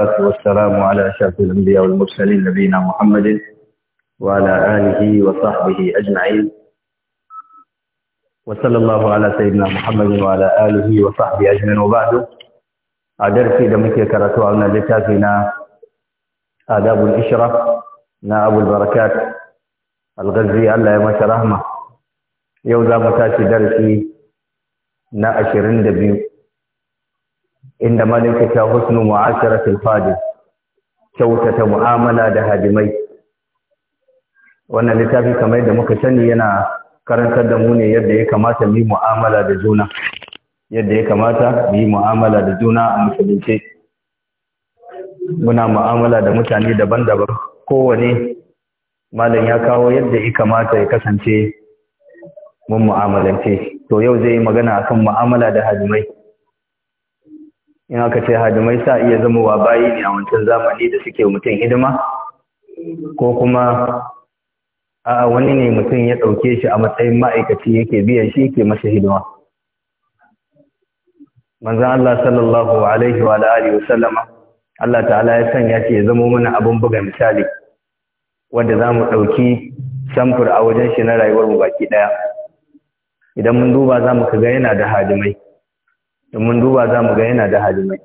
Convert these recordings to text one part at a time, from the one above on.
والصلاة والسلام على أشرف الأنبياء والمرسلين نبينا محمد وعلى آله وصحبه أجمعين وصلى الله على سيدنا محمد وعلى آله وصحبه أجمعين وبعد أدرسي دمك كرتو أن لتافنا آداب الإشرة نا أبو البركات الغزي الله يمشى رحمه يوزا متاشي درسي نا أشرين دبيو inda malaka ta husnu mu'asharatul fadil kyautata mu'amala da hadimai wannan littafi kamar yadda muka sani yana karantar da mu ne yadda ya kamata mu yi mu'amala da juna yadda ya kamata mu yi mu'amala da juna a musulunce muna mu'amala da mutane daban-daban kowane malam ya kawo yadda ya kamata ya kasance mun mu'amalance to yau zai yi magana akan mu'amala da hadimai in aka ce hadimai sa iya zamowa bayi ne a wancan zamani da suke mutum hidima ko kuma a wani ne mutum ya ɗauke shi a matsayin ma'aikaci yake biyan shi yake masa hidima manzan Allah sallallahu alaihi wa alihi wa sallama Allah ta'ala ya sanya shi ya zamo mana abin buga misali wanda za mu ɗauki samfur a wajen shi na rayuwar mu baki ɗaya idan mun duba za mu kaga yana da hadimai in mun duba za mu ga yana da hadimai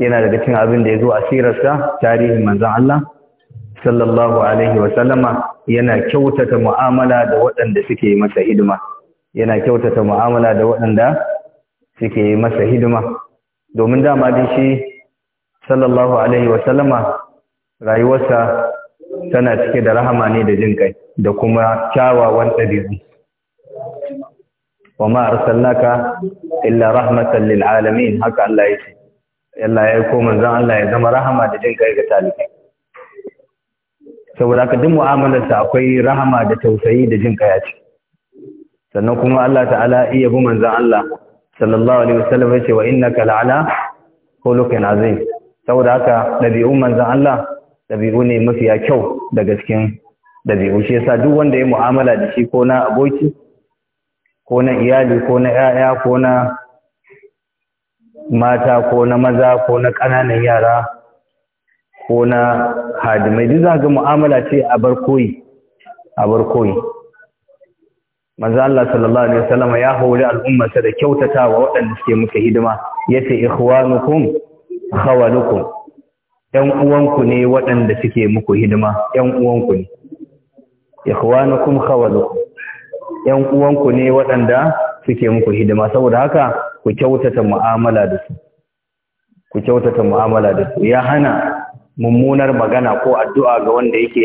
yana daga cin abin da ya zo a sirarsa tarihin manzan Allah sallallahu alaihi wasallama yana kyautata mu'amala da waɗanda suke masa hidima yana kyautata mu'amala da waɗanda suke masa hidima domin dama dai shi sallallahu alaihi wasallama rayuwarsa tana cike da rahama ne da jin kai da kuma kyawawan ɗabi'u wa ma arsalnaka illa rahmatan lil alamin haka Allah ya ce Allah ya ko manzon Allah ya zama rahama da jin kai ga talibai saboda haka duk mu'amalar sa akwai rahama da tausayi da jin kai a sannan kuma Allah ta'ala iya bu manzon Allah sallallahu alaihi wasallam ya ce wa innaka la'ala khuluqin azim saboda haka dabi'un manzon Allah dabi'u ne mafiya kyau daga cikin dabi'u shi yasa duk wanda ya mu'amala da shi ko na aboki ko na iyali ko na ƴaƴa, ko na mata ko na maza ko na ƙananan yara ko na hadimai duk za ga mu'amala ce a bar koyi a bar koyi manzo Allah sallallahu alaihi wasallam ya hore al'ummarsa da kyautatawa waɗanda suke muka hidima yace ikhwanukum khawalukum ɗan uwanku ne waɗanda suke muku hidima ɗan uwanku ne ikhwanukum khawalukum ‘yan uwanku ne waɗanda suke muku hidima saboda haka ku kyautata mu'amala da su ku kyautata mu'amala da su ya hana mummunar magana ko addu'a ga wanda yake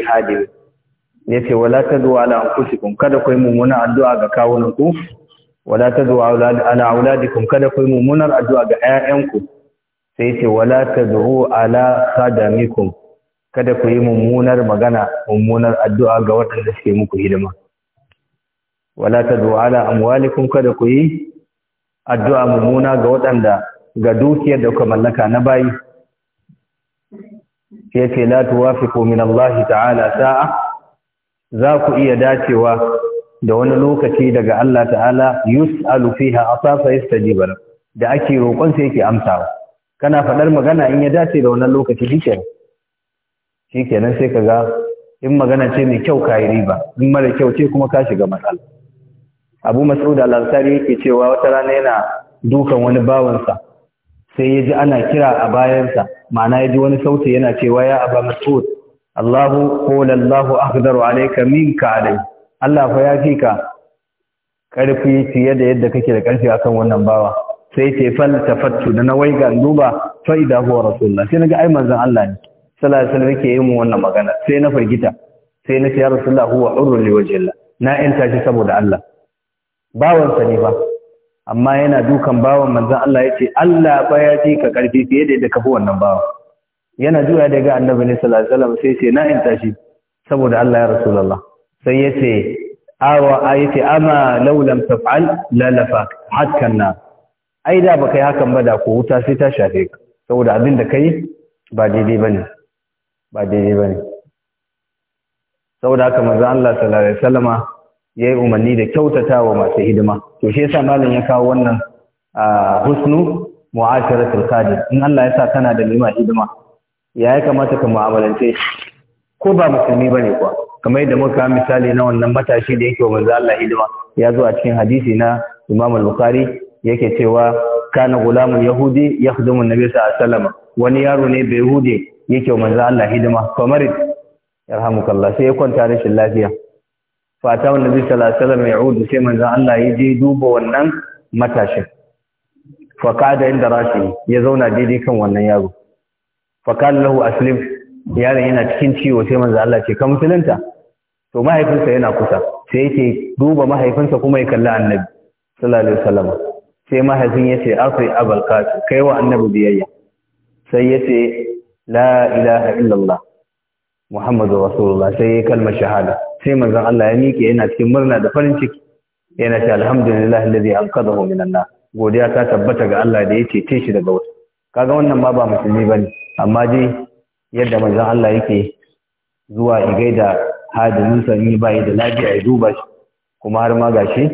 ne ce, wala ta zuwa ala kun kada ku mummunar addu'a ga kawunanku wala ta zuwa ala kun kada ku mummunar addu'a ga 'ya'yanku sai ce, wala ta zuwa ala sadamikum kada ku yi mummunar magana mummunar addu'a ga waɗanda suke muku hidima wala tad'u ala amwalikum kada ku yi addu'a mumuna ga waɗanda ga dukiyar da kuka mallaka na bayi sai ce la tuwafiqu min Allah ta'ala sa'a za ku iya dacewa da wani lokaci daga Allah ta'ala yus'alu fiha asasa yastajibu da ake roƙon sai yake amsawa kana faɗar magana in ya dace da wannan lokaci shikenan shikenan sai ga in magana ce mai kyau kayi riba in mara kyau ce kuma ka shiga matsala abu mas'ud al-ansari yake cewa wata rana yana dukan wani bawansa sai ya ji ana kira a bayansa ma'ana ya ji wani sauti yana cewa ya abu mas'ud Allahu qala Allahu aqdaru alayka minka alai Allah fa ya fi ka karfi fiye da yadda kake da karfi akan wannan bawa sai ce fal tafattu da na waiga duba fa idha huwa rasulullah sai naga ai manzon Allah ne sallallahu alaihi wasallam yake yin wannan magana sai na fargita sai na ce ya rasulullah huwa urrun wajhillah na enta shi saboda Allah bawansa ne ba amma yana dukan bawan manzan Allah ya ce Allah ba ya ji ka karfi fiye da yadda ka fi wannan bawan yana juya daga annabi ne sallallahu alaihi wasallam sai ce na in tashi saboda Allah ya rasulullah sai ya ce awa ayati ama law lam taf'al la lafak hatta na ai da baka yi hakan ba da ko wuta sai ta shafe ka saboda abin da kai ba daidai bane ba daidai bane saboda haka manzan Allah sallallahu alaihi wasallama ya yi umarni da kyautata wa masu hidima to shi yasa malam ya kawo wannan husnu mu'asharatul qadir in Allah ya sa kana da nima hidima ya yi kamata ka mu'amalance ko ba musulmi bane kuwa kamar yadda muka misali na wannan matashi da yake wa manzo Allah hidima ya zo a cikin hadisi na Imam al-Bukhari yake cewa kana gulamun yahudi yakhdumu an-nabi sallallahu alaihi wasallam wani yaro ne bai yahudi yake wa manzo Allah hidima kamar yarhamukallah sai ya kwanta rashin lafiya fata wanda zai salasala mai udu sai manzan Allah ya je duba wannan matashin fakada inda rashi ya zauna daidai kan wannan yaro fakada lahu aslim yaron yana cikin ciwo sai manzan Allah ce ka musulunta to mahaifinsa yana kusa sai yake duba mahaifinsa kuma ya kalli annabi sallallahu alaihi sai mahaifin ya ce asai abal kai wa annabi biyayya sai ya ce la ilaha illallah Muhammadu Rasulullah sai ya kalma shahada sai manzon Allah ya miƙe yana cikin murna da farin ciki yana cewa alhamdulillah alladhi anqadahu minan nar godiya ta tabbata ga Allah da ya cece shi daga wuta kaga wannan ma ba musulmi bane amma dai yadda manzon Allah yake zuwa ya gaida hadirin sa in bai da lafiya ya duba shi kuma har ma gashi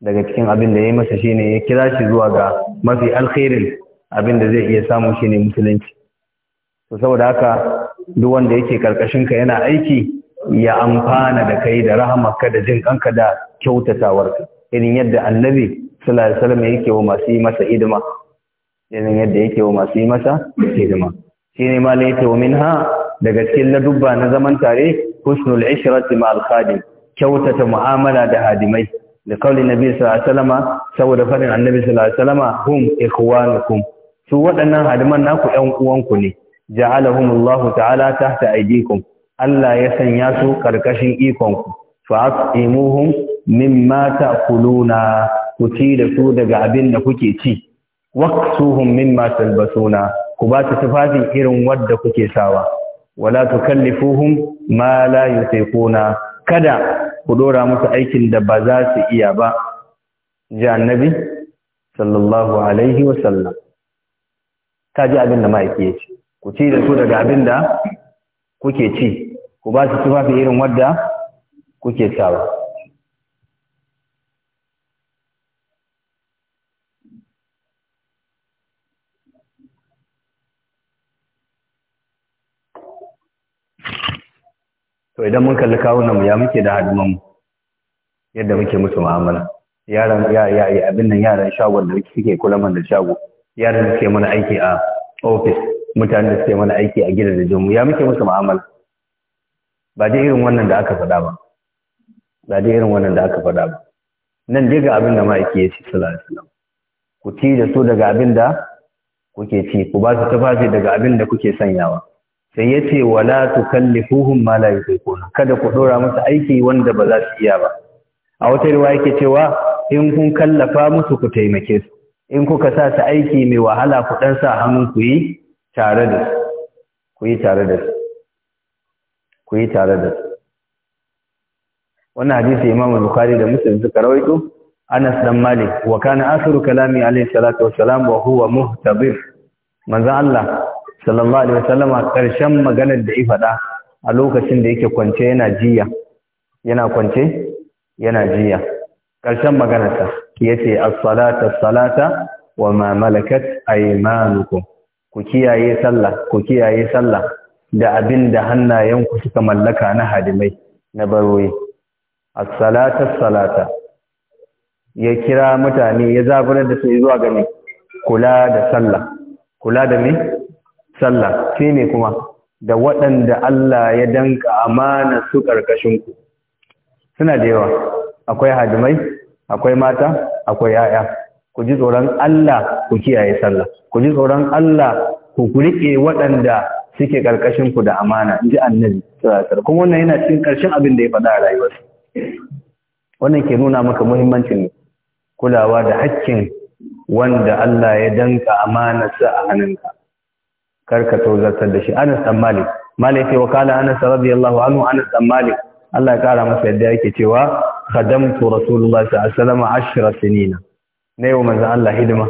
daga cikin abin da ya yi masa shine ya kira shi zuwa ga mafi alkhairin abin da zai iya samu shine musulunci to saboda haka duk wanda yake karkashin ka yana aiki ya amfana da kai da rahamarka da jin kanka da ka irin yadda annabi sallallahu alaihi wasallam yake wa masu yi masa hidima irin yadda yake wa masu yi masa hidima ne ma laita wa minha daga cikin ladubba na zaman tare husnul ishrati ma al-khadim kyautata mu'amala da hadimai da kauli nabi sallallahu alaihi wasallama saboda fadin annabi sallallahu alaihi wasallama hum ikhwanukum su waɗannan hadiman naku ƴan uwanku ne ja'alahumullahu ta'ala tahta aydikum Allah ya sanya su karkashin ikon ku fa'timuhum mimma ta'kuluna ku ci da su daga abin da kuke ci waqsuhum mimma talbasuna ku ba su tufafin irin wadda kuke sawa wala tukallifuhum ma la yutiquna kada ku dora musu aikin da ba za su iya ba ji annabi sallallahu alaihi sallam, ta ji abin da ma'aiki ya ce ku ci da su daga abin da kuke ci ku ba su tufafi irin wadda kuke sawa to idan mun kalli mu ya muke da hadimanmu yadda muke musu mu'amala yaran ya ya abin nan yaran shagon da suke kula man da shago yaran suke mana aiki a office mutane da suke mana aiki a gidan da mu ya muke musu mu'amala ba dai irin wannan da aka faɗa ba ba dai irin wannan da aka faɗa ba nan dai ga abin da ma ya ce sallallahu alaihi wasallam ku ci da su daga abin da kuke ci ku ba su tufafi daga abin da kuke sanyawa sai ya ce wala tukallifuhum ma la yutiquna kada ku dora musu aiki wanda ba za su iya ba a wata riwaya yake cewa in kun kallafa musu ku taimake su in kuka sa su aiki mai wahala ku dan sa hannun ku yi tare da su ku yi tare da su ku yi tare da su wannan hadisi imamu bukhari da muslim suka rawaito anas dan malik wa kana akhiru kalami alayhi salatu salam wa huwa muhtabir manzo allah sallallahu alaihi wasallama karshen maganar da ya faɗa a lokacin da yake kwance yana jiya yana kwance yana jiya karshen maganarsa yace as-salata as-salata wa ma malakat aymanukum ku kiyaye sallah ku kiyaye sallah da abin da hannayenku suka mallaka na hadimai na baroyi as-salata salata ya kira mutane ya zaburar da su zuwa ga kula da sallah kula da me sallah shi ne kuma da waɗanda Allah ya danka amana su karkashin ku suna da yawa akwai hadimai akwai mata akwai 'ya'ya. ku ji tsoron Allah ku kiyaye sallah ku ji tsoron Allah ku rike waɗanda suke karkashin ku da amana inji annabi sallallahu kuma wannan yana cikin ƙarshen abin da ya faɗa a rayuwarsa wannan ke nuna maka muhimmancin kulawa da haƙƙin wanda Allah ya danka amanarsa a hannunka ka tozartar da shi Anas dan Malik Malik ya wakala Anas radiyallahu anhu Anas dan Malik Allah ya kara masa yadda yake cewa khadamtu Rasulullahi sallallahu alaihi wasallam 10 sinina na yau manzan Allah hidima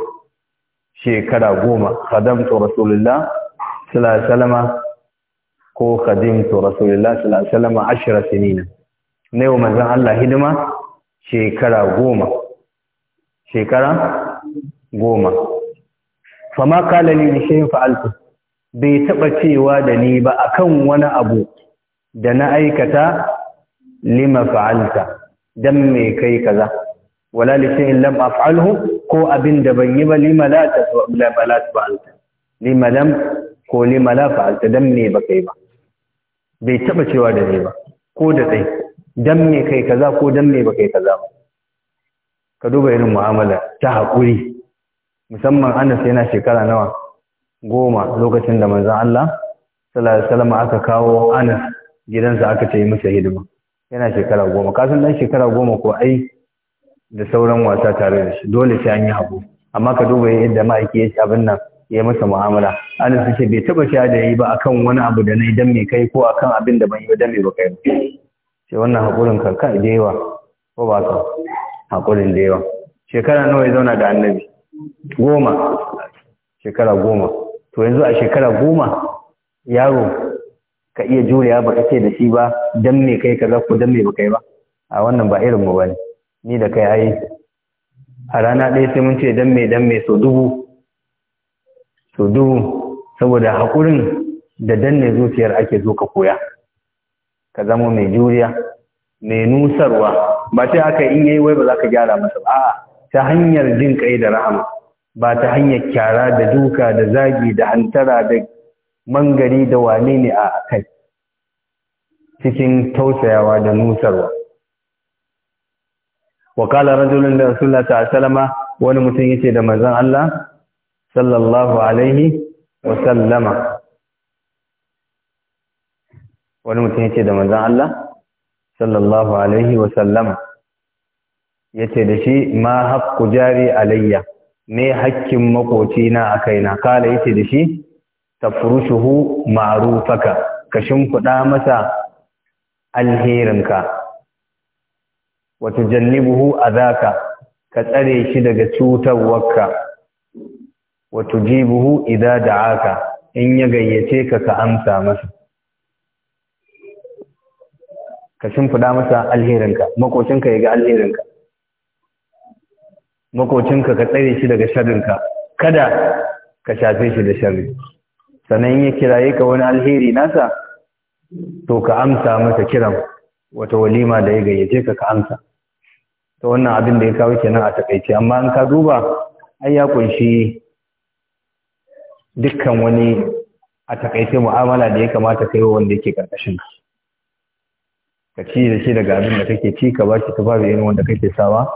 shekara goma khadamtu rasulullah sallallahu salama, ko khadimtu rasulullah sallallahu alaihi wasallam 10 sinina na yau manzan Allah hidima shekara goma shekara goma fama kala ni shayin fa'altu bai taɓa cewa da ni ba akan wani abu da na aikata lima fa'alta don mai kai kaza wala li shay'in lam af'alhu ko abin da ban yi ba lima la ta la lima lam ko lima la fa'alta dan me ba kai ba bai taba cewa da ni ba ko da dai dan me kai kaza ko dan me ba kai kaza ba ka duba irin mu'amala ta hakuri musamman Anas yana shekara nawa goma lokacin da manzon Allah sallallahu alaihi wasallam aka kawo Anas gidansa aka ce masa hidima yana shekara goma kasan dan shekara goma ko ai da sauran wasa tare da shi dole sai an yi haƙuri amma ka duba yadda ma'aiki ya ci abin nan ya masa mu'amala ana su ce bai taba shi da yi ba akan wani abu da na yi dan mai kai ko akan abin da ban yi dan mai ba kai sai wannan haƙurin ka kai da yawa ko ba ka haƙurin da yawa shekara nawa ya zauna da annabi goma shekara goma to yanzu a shekara goma yaro ka iya ya ba ka ce da shi ba dan mai kai kaza ko dan mai ba kai ba a wannan ba irin mu bane ni da kai ai a rana ɗaya sai mun ce dan mai dan mai so dubu so dubu saboda haƙurin da danne zuciyar ake zo ka koya ka zama mai juriya mai nusarwa ba ta haka in yayi wai ba za ka gyara masa ba a'a ta hanyar jin kai da rahama ba ta hanyar kyara da duka da zagi da hantara da mangari da wane ne a kai cikin tausayawa da nusarwa wa kala rajulun da rasulullahi ta sallama wani mutum yace da manzon Allah sallallahu alaihi sallama wani mutum yace da manzon Allah sallallahu alaihi sallama yace da shi ma haqqu jari alayya me hakkin makoci na akaina kala yace da shi tafrushuhu ma'rufaka ka shimfida masa alherinka wa tujannibuhu adhaka ka tsare shi daga cutarwarka wa tujibuhu idza da'aka in ya gayyace ka ka amsa masa ka shimfida masa alherinka makocinka ya ga alherinka makocinka ka tsare shi daga sharrinka kada ka shafe shi da sharri sannan ya kiraye ka wani alheri nasa to ka amsa masa kiran wata walima da ya gayyace ka ka amsa ta wannan abin da ya kawo kenan a takaice amma an ka duba ai ya kunshi dukkan wani a takaice mu'amala da ya kamata kai wa wanda yake karkashin ka ci da shi daga abin da kake ci ka ba bashi tufafi irin wanda kake sawa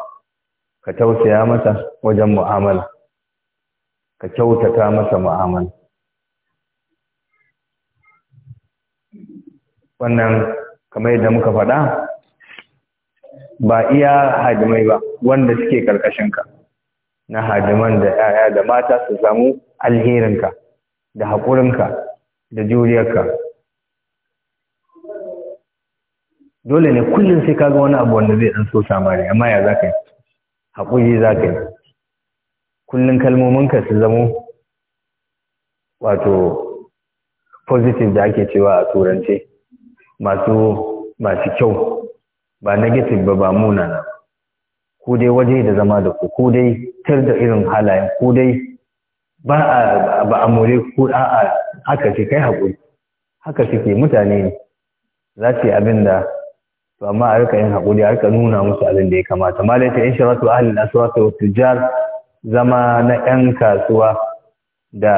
ka tausaya masa wajen mu'amala ka kyautata masa mu'amala wannan kamar yadda muka faɗa ba iya hadimai ba wanda suke ka, na hadiman da ‘ya'ya da mata su samu alherinka da haƙurinka da juriyarka dole ne kullum sai kaga wani abu wanda zai ɗan so samari amma ya za ka yi haƙuri za ka yi kullum kalmominka su zamo wato positive da ake cewa a turance masu masu kyau ba negative ba ba munana ba ku dai waje da zama da ku ku dai tar da irin halaye ku dai ba a ba a more ku a haka ce kai haƙuri haka suke mutane ne za su yi abin da to amma a rika yin haƙuri a rika nuna musu abin da ya kamata malai ta in shiratu ahalin aswata wa tujjar zama na 'yan kasuwa da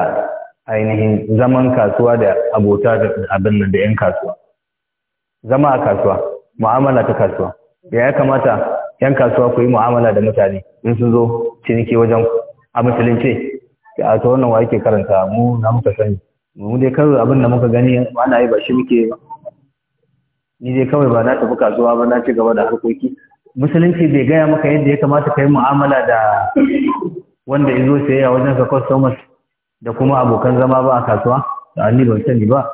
ainihin zaman kasuwa da abota da abin da 'yan kasuwa zama a kasuwa mu'amala ta kasuwa ya ya kamata yan kasuwa ku yi mu'amala da mutane in sun zo ciniki wajen a musulunce a ta wannan wa yake karanta mu na muka sani mu dai kawai abin da muka gani ana yi ba shi muke ba ni dai kawai ba na tafi kasuwa ba na ci gaba da harkoki musulunci bai gaya maka yadda ya kamata ka yi mu'amala da wanda ya zo sayayya wajen sa customers da kuma abokan zama ba a kasuwa da ni ban sani ba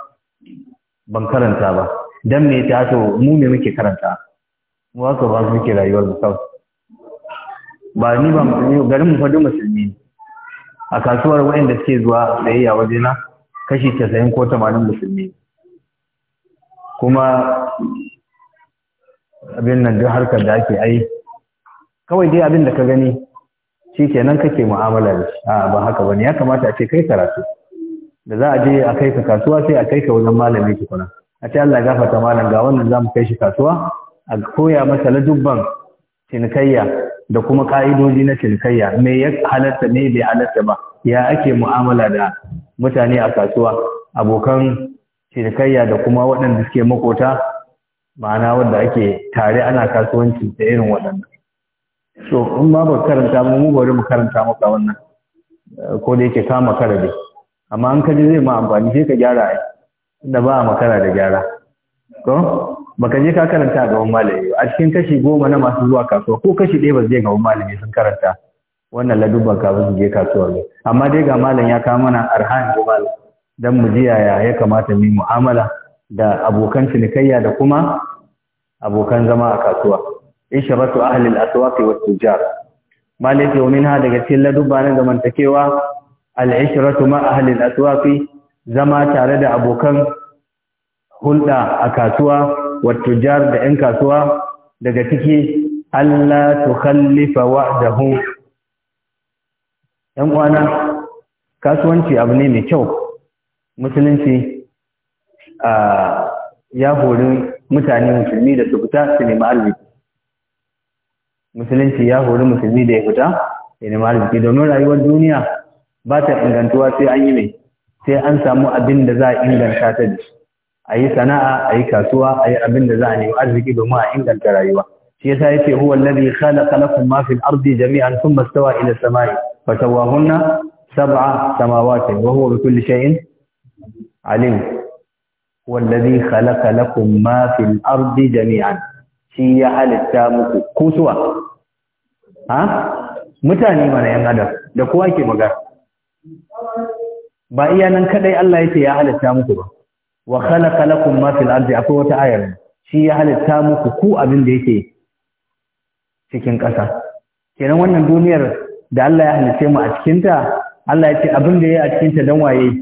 ban karanta ba dan me ta to mu ne muke karanta mu haka ba mu ke rayuwar mu kawai ba ni ba mu ne garin mu fadu musulmi a kasuwar waɗanda suke zuwa waje na kashi 90 ko 80 musulmi kuma abin nan duk harkar da ake ai kawai dai abin da ka gani shi kenan kake mu'amala da shi a ba haka ne. ya kamata a ce kai karatu da za a je a kai ka kasuwa sai a kai ka wajen malami tukuna a ce Allah gafarta malam ga wannan zamu kai shi kasuwa a koya masa ladubban cinikayya da kuma ka'idoji na cinikayya me ya halatta me bai halatta ba ya ake mu'amala da mutane a kasuwa abokan cinikayya da kuma waɗanda suke makota ma'ana wanda ake tare ana kasuwanci da irin waɗannan so in ma ba karanta mu mu bari mu karanta maka wannan ko da yake kama karabe amma an kaji zai ma amfani sai ka gyara ai da ba a makara da gyara ko baka je ka karanta a gaban malami a cikin kashi goma na masu zuwa kasuwa ko kashi ɗaya ba zai gaban malami sun karanta wannan ladubban ka su je kasuwa ne amma dai ga malam ya kawo mana arhan malam dan mu ji yaya ya kamata mu mu'amala da abokan cinikayya da kuma abokan zama a kasuwa In ahli al-aswaq wa ya ce wa minha daga cikin ladubba na zamantakewa al-ishratu ma ahli aswaki zama tare da abokan hulɗa a kasuwa wato jar da 'yan kasuwa daga ciki Allah su khallifa wa'dahu ‘yan kwana kasuwanci abu ne mai kyau musulunci ya hori mutane musulmi da su fita su nemi arziki musulunci ya hori musulmi da ya fita su nemi arziki domin rayuwar duniya ba ta ingantuwa sai an yi mai sai an samu abin da za a inganta ta da shi a yi sana'a a yi kasuwa a yi abin da za a nemi arziki domin a inganta rayuwa shi yasa yake huwa alladhi khalaqa lakum ma fil ardi jami'an thumma stawa ila samai sawahunna sab'a samawati wa huwa kulli shay'in alim huwa alladhi khalaqa lakum ma fil ardi jami'an shi ya halitta muku kusuwa ha mutane mana yan adam da kowa ke magana ba iya nan kadai Allah yake ya halitta muku ba wa khalaqa lakum ma fil ardi akwai wata ayar shi ya halitta muku ku abin da yake cikin ƙasa kenan wannan duniyar da Allah ya halitta mu a cikin ta Allah ya ce abin da ya a cikin ta dan waye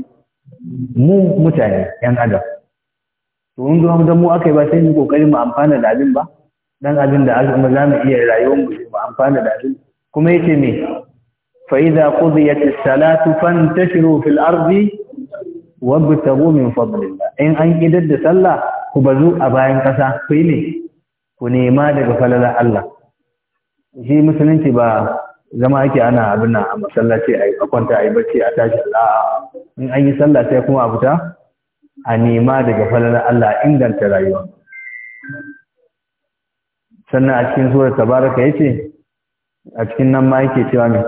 mu mutane yan adam to mun zo dan mu akai ba sai mu kokari mu amfana da abin ba dan abin da azumi za mu iya rayuwar mu mu amfana da abin kuma yace me فإذا قضيت الصلاة فانتشروا في الأرض وابتغوا من فضل الله إن أن إدد صلى كبزوا أباين قسا فيني ونيما دك فللا الله shi musulunci ba zama ake ana abin a masallaci a kwanta a yi bacci a tashi Allah in an yi sallah sai kuma abuta. a nema daga falalar Allah inganta rayuwa sannan a cikin surar tabaraka yace a cikin nan ma yake cewa ne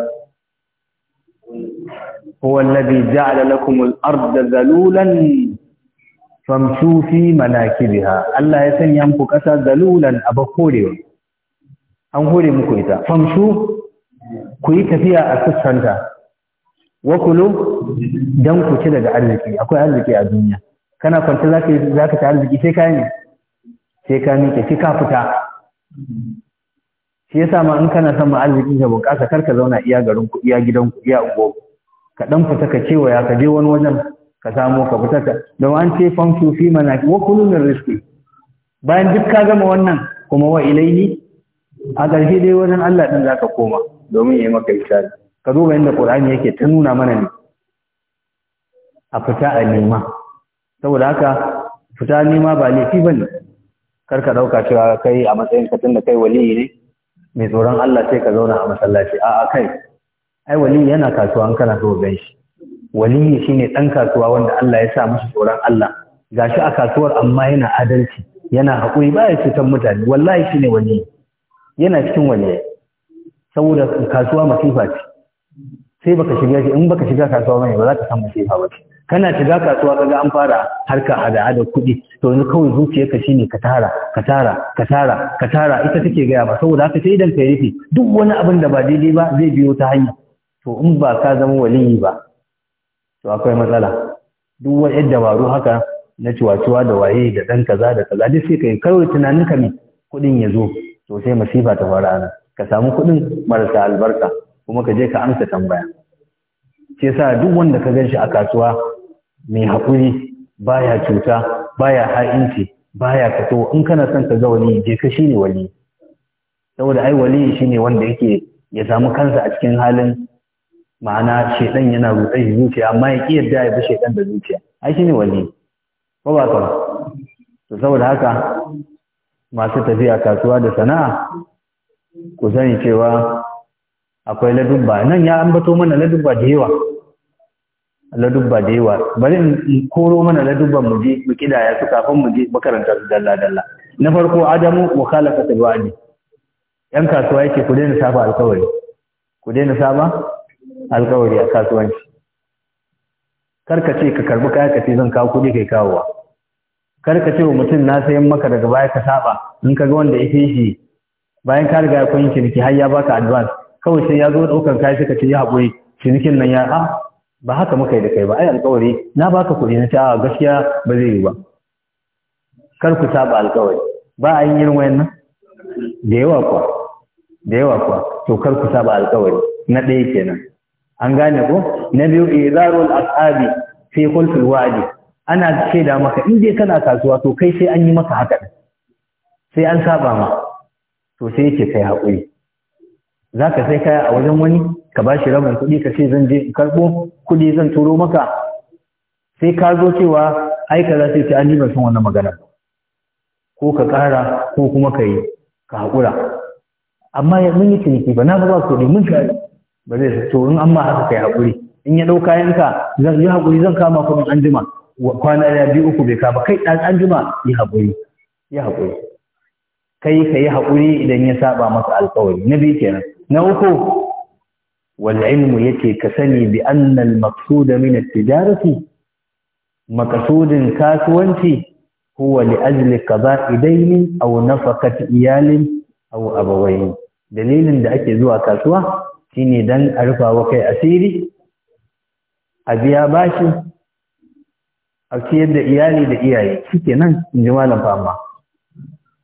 هو الذي جعل لكم الارض ذلولا فامشوا fi مناكبها Allah ya sanya كسا ذلولا dalulan ان هوري an ايتا muku ita تفيا ku yi tafiya a sassanta wa kulu dan ku ci daga arziki akwai arziki a duniya kana kwanta zaka zaka ta arziki sai ka ne sai ka miƙe sai ka fita shi yasa ma in kana son ma arziki ka bunƙasa kar ka zauna iya garin ku iya gidan ku iya ka dan fita ka kewaya ka je wani wajen ka samo ka fita ka don an ce famsu fi mana wa kullu min rizqi bayan duk ka gama wannan kuma wa ilaihi a ƙarshe dai wajen Allah din zaka koma domin yayi maka isari ka duba inda Qur'ani yake ta nuna mana ne a fita a nema saboda haka fita nema ba laifi bane karka dauka cewa kai a matsayin ka tunda kai waliyi ne mai tsoron Allah sai ka zauna a masallaci a'a kai ai wali yana kasuwa an kana so gan shi wali shine dan kasuwa wanda Allah ya sa masa tsoron Allah gashi a kasuwar amma yana adalci yana hakuri baya cutar mutane wallahi shine wali yana cikin wali saboda kasuwa masifa ce sai baka shiga shi in baka shiga kasuwa bane ba za ka san masifa ba kana shiga kasuwa kaga an fara harka hada hada kuɗi to yanzu kawai zuciyarka shine ka tara ka tara ka tara ka tara ita take gaya ba saboda haka sai idan ka rufe duk wani abin da ba daidai ba zai biyo ta hanya to in ba ka zama waliyi ba to akwai matsala duk wani yadda dabaru haka na ciwaciwa da waye da dan kaza da kaza duk sai kai kawai tunanin ka ne kuɗin ya zo to sai masifa ta fara ana ka samu kuɗin marasa albarka kuma ka je ka amsa tambaya Ke sa duk wanda ka gan shi a kasuwa mai haƙuri baya cuta baya ha'inci baya kato in kana son ka ga wani, je ka shine wali saboda ai wali shine wanda yake ya samu kansa a cikin halin ma'ana shaidan yana rutsa shi zuciya amma ya ƙi yadda ya bi shaidan da zuciya Aiki shine wani ko ba ka to saboda haka masu tafiya kasuwa da sana'a ku sani cewa akwai ladubba nan ya ambato mana ladubba da yawa ladubba da yawa bari in koro mana ladubban mu je mu kidaya su kafin mu je makaranta su dalla dalla na farko adamu mukhalafatu wa'di yan kasuwa yake ku daina saba alkawari ku daina saba alkawari a kasuwanci karka ce ka karbi kaya ka ce zan kawo kuɗi kai kawowa karka ce wa mutum na sayan maka daga baya ka saba in ka ga wanda ya shi bayan ka riga kun ciniki har ya baka advance kawai sai ya zo ɗaukar kaya ka ce ya haƙuri cinikin nan ya a ah, ba haka muka yi da kai ba ai alkawari na baka kuɗi na ce a ah, gaskiya ba zai yi ba kar ku saba alkawari ba a yin irin nan da yawa kuwa da yawa kuwa to kar ku saba alkawari na ɗaya kenan an gane ko na biyu izarul ashabi fi kulli wadi ana shaida maka in dai kana kasuwa to kai sai an yi maka haka sai an saba ma to sai yake kai hakuri zaka sai kaya a wajen wani ka bashi rabin kuɗi ka ce zan je karɓo kuɗi zan turo maka sai ka zo cewa ai kaza sai ce an yi ban wannan magana ko ka ƙara ko kuma ka yi ka haƙura amma mun yi ciniki ba na ba da mun ka ba zai to in an ma haka kai haƙuri in ya ɗau kayanka zan yi haƙuri zan kama kuma an jima kwana ya biyu uku bai kama kai ɗan anjima. yi haƙuri yi haƙuri kai ka yi haƙuri idan ya saba masa alƙawari na biyu kenan na uku wal ilmu yake ka sani bi annal maqsuda min at-tijarati maqsudin kasuwanci huwa li ajli qada'i daynin aw nafaqati iyalin aw abawayn dalilin da ake zuwa kasuwa shine dan a rufa wa kai asiri a biya bashi a ciyar da iyali da iyaye nan in ji malam fama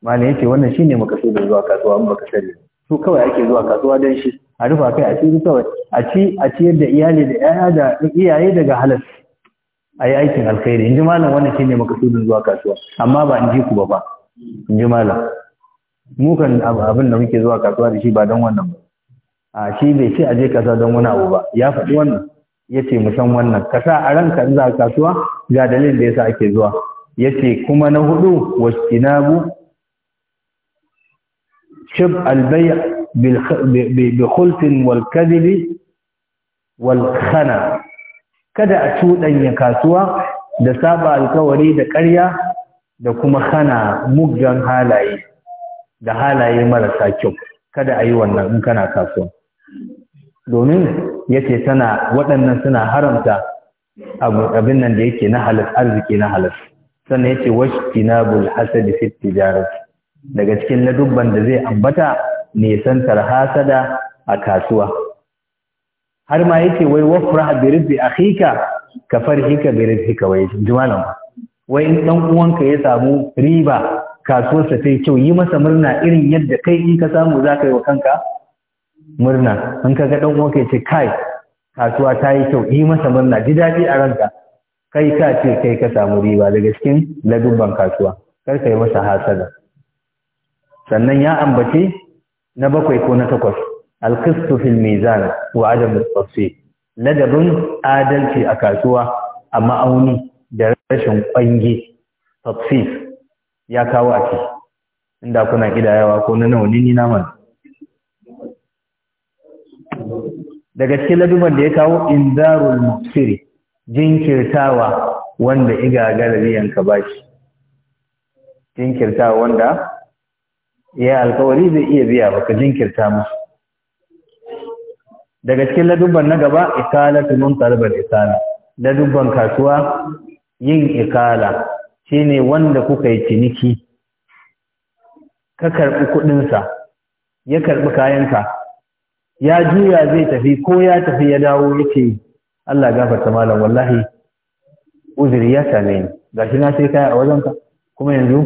malam ce wannan shine da zuwa kasuwa in baka sani su kawai ake zuwa kasuwa dan shi a rufa kai asiri kawai a ci a ciyar da iyali da ƴaƴa da iyaye daga halas a yi aikin alkhairi in ji malam wannan shine da zuwa kasuwa amma ba in ji ku ba ba in ji malam mu kan abin da muke zuwa kasuwa da shi ba don wannan ba a shi bai ce a je kasa don wani abu ba ya faɗi wannan ya ce mu san wannan ka sa a ranka in za kasuwa ga dalilin da yasa ake zuwa ya ce kuma na hudu wasinabu shib albay bi khulfin wal kadhibi wal khana kada a cuɗanya kasuwa da saba alkawari da ƙarya da kuma hana muggan halaye da halaye marasa kyau kada a yi wannan in kana kasuwa domin yace tana waɗannan suna haramta abin nan da yake na halas arziki na halas sannan yace washtinabul hasad fi tijarat daga cikin ladubban da zai ambata nisantar hasada a kasuwa har ma yake wai wafra bi rizqi akhika ka farhika bi rizqika wai jumalan wai in dan uwanka ya samu riba kasuwar sa kyau yi masa murna irin yadda kai in ka samu zaka yi wa kanka murna in ka ga dan uwanka ce kai kasuwa ta yi kyau yi masa murna ji daɗi a ranka kai ka ce kai ka samu riba daga cikin ladubban kasuwa kar ka yi masa hasada sannan ya ambace na bakwai ko na takwas alqistu fil mizan wa adam at ladabun adalci a kasuwa a ma'auni da rashin kwangi tafsi ya kawo a ciki inda kuna kidayawa ko na nawa ni na mana daga cikin laduban da ya kawo indarul mufsiri jinkirtawa wanda iga galibi yanka shi. jinkirtawa wanda ya alkawari zai iya biya baka jinkirta musu daga cikin ladubban na gaba ikalatu mun talibar ikala ladubban kasuwa yin ikala shine wanda kuka yi ciniki ka karbi kuɗinsa ya karbi kayanka ya juya zai tafi ko ya tafi ya dawo yake Allah gafarta malam wallahi uzuri ya same ni Ga shi na sai kaya a wajen ka kuma yanzu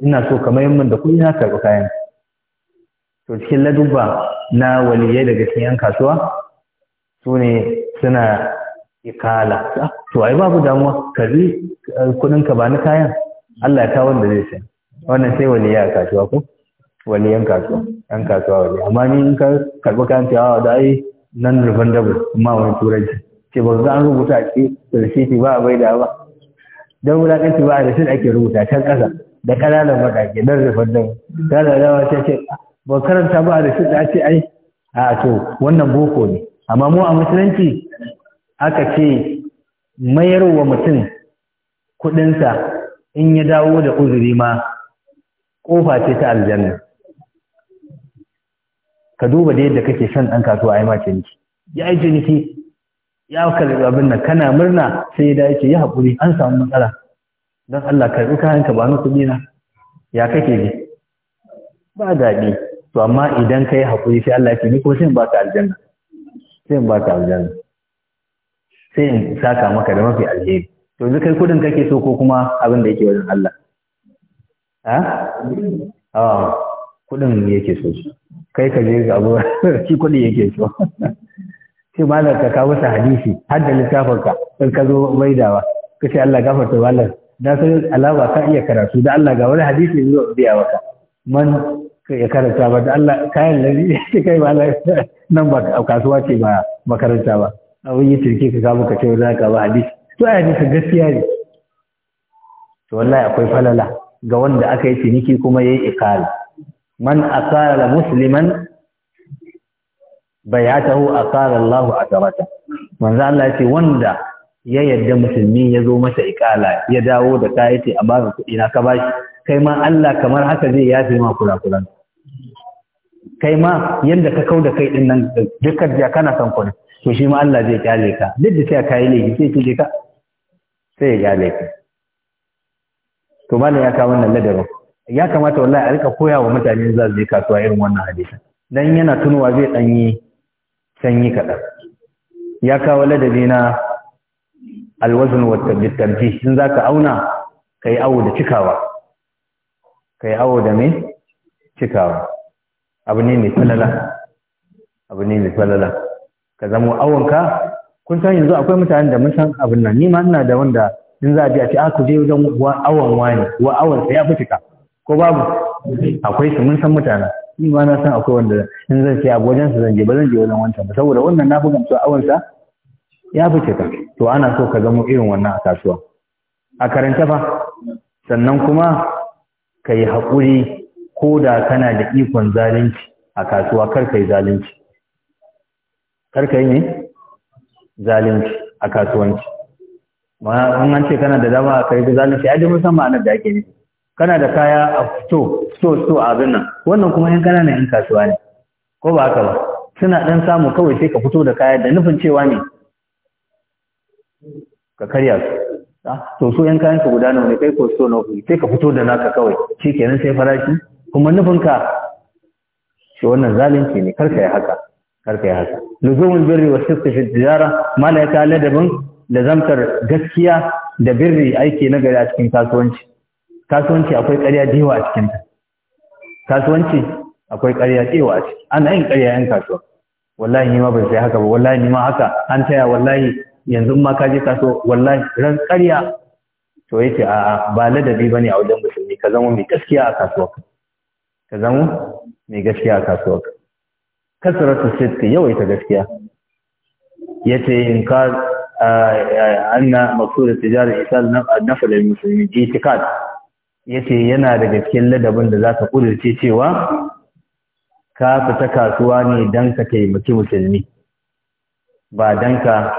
ina so kamar yin da kuɗi na karɓi kayan to cikin ladubba na waliye daga cikin yan kasuwa su ne suna ikala to ai babu damuwa karbi eh, kuɗinka ba na kayan Allah ya kawo wanda zai sai wannan sai waliyai a kasuwa ko wani yan kasuwa yan kasuwa wani amma ni in ka karɓi kayan ciyawa ah, da ai nan refundable amma wani turanci ce ba su an rubuta a ce rashiti ba a bai da ba don wulaƙanci ba a rashin ake rubuta can ƙasa da ƙananan maɗaƙe don refundable ta da dawa ta ce ba karanta ba a rashin da ce ai a to wannan boko ne amma mu a musulunci aka ce mayarwa mutum kuɗinsa in ya dawo da uzuri ma kofa ce ta aljanna ka duba da yadda kake son ɗan kasuwa ai ma ciniki ya yi ciniki ya karɓi abin nan kana murna sai ya dace ya haƙuri an samu matsala don Allah karɓi kayan ka ba ni kuɗi na ya kake ji ba daɗi to amma idan ka yi haƙuri sai Allah ya ce ni ko sai in ka aljanna sai in ka aljanna sai in saka maka da mafi alheri to yanzu kai kuɗin kake so ko kuma abin da yake wajen Allah ha? Ah, kuɗin yake so shi. kai ka je ga abu shi kuɗi yake so sai malam ka kawo sa hadisi har da littafin ka in ka zo maidawa ka ce Allah gafarta malam da san alama ka iya karatu da Allah ga wani hadisi ne zo biya maka man ya karanta ba da Allah kayan lari kai malam nan ba kasuwa ce ba makaranta ba abin yi turki ka samu ka ce za ka ba hadisi to a hadisi gaskiya ne to wallahi akwai falala ga wanda aka yi ciniki kuma yi ikala man أصال مسلما بيعته أصال الله asarata manzo Allah الله wanda ya yarda musulmi ya zo masa ikala ya dawo da ka a baka kuɗi na ka bashi kai ma Allah kamar haka zai yafe ma kai ma yanda ka kauda kai din nan dukkan ja kana san kuɗi to shi ma Allah zai kyale ka duk sai ka yi laifi sai ka sai ya kyale ka to malam ya kawo wannan ladarin ya kamata wallahi a rika koya wa mutane za su je kasuwa irin wannan hadisi dan yana tunuwa zai yi sanyi kaɗan ya kawo ladabi na alwazn wata bittarji in za ka auna ka yi awo da cikawa kai awo da me cikawa abu ne mai falala abu ne mai falala ka zamo awonka kun san yanzu akwai mutanen da mun san abin nan ni ma ina da wanda in za a je a ce a ah, ku je wajen awon wani wa awon sai ya fi cika ko babu akwai su mun san mutane ni ma na san akwai wanda in zan ce abu wajen su zan je ba zan je wajen wancan ba saboda wannan na bugan su awon sa ya buke ka to ana so ka zama irin wannan a kasuwa a karanta fa sannan kuma ka yi haƙuri ko da kana da ikon zalunci a kasuwa kar ka yi zalunci kar ka yi ne zalunci a kasuwanci ma an ce kana da dama ka yi zalunci ai da musamman da ake nufi kana da kaya a fito fito fito a abin nan wannan kuma yan kananan yan kasuwa ne ko ba haka ba suna dan samu kawai sai ka fito da kaya da nufin cewa ne ka karya su ah, to so yan kayan ka guda nawa ne kai ko so nawa sai ka fito da naka kawai shikenan sai farashi kuma nufin ka shi wannan zalunci ne karka yi haka karka yi haka luzumul birri wa sirri fi tijara malaka ladabin zamtar gaskiya da birri aiki na gari a cikin kasuwanci kasuwanci akwai ƙarya da yawa a cikinta kasuwanci akwai ƙarya da yawa a ciki ana yin ƙarya yan kasuwa wallahi ni ma bai sai haka ba wallahi ni ma haka an taya wallahi yanzu ma ka je kasuwa wallahi ran ƙarya to yace a ba ladabi bane a wajen musulmi ka zama mai gaskiya a kasuwa ka zama mai gaskiya a kasuwa kasratu sidqi yawaita gaskiya yace in ka anna maqsud tijara isal nafal al muslimin itiqad yace yana daga cikin ladabin da zaka kudirce cewa ka fita kasuwa ne dan ka taimaki musulmi ba dan ka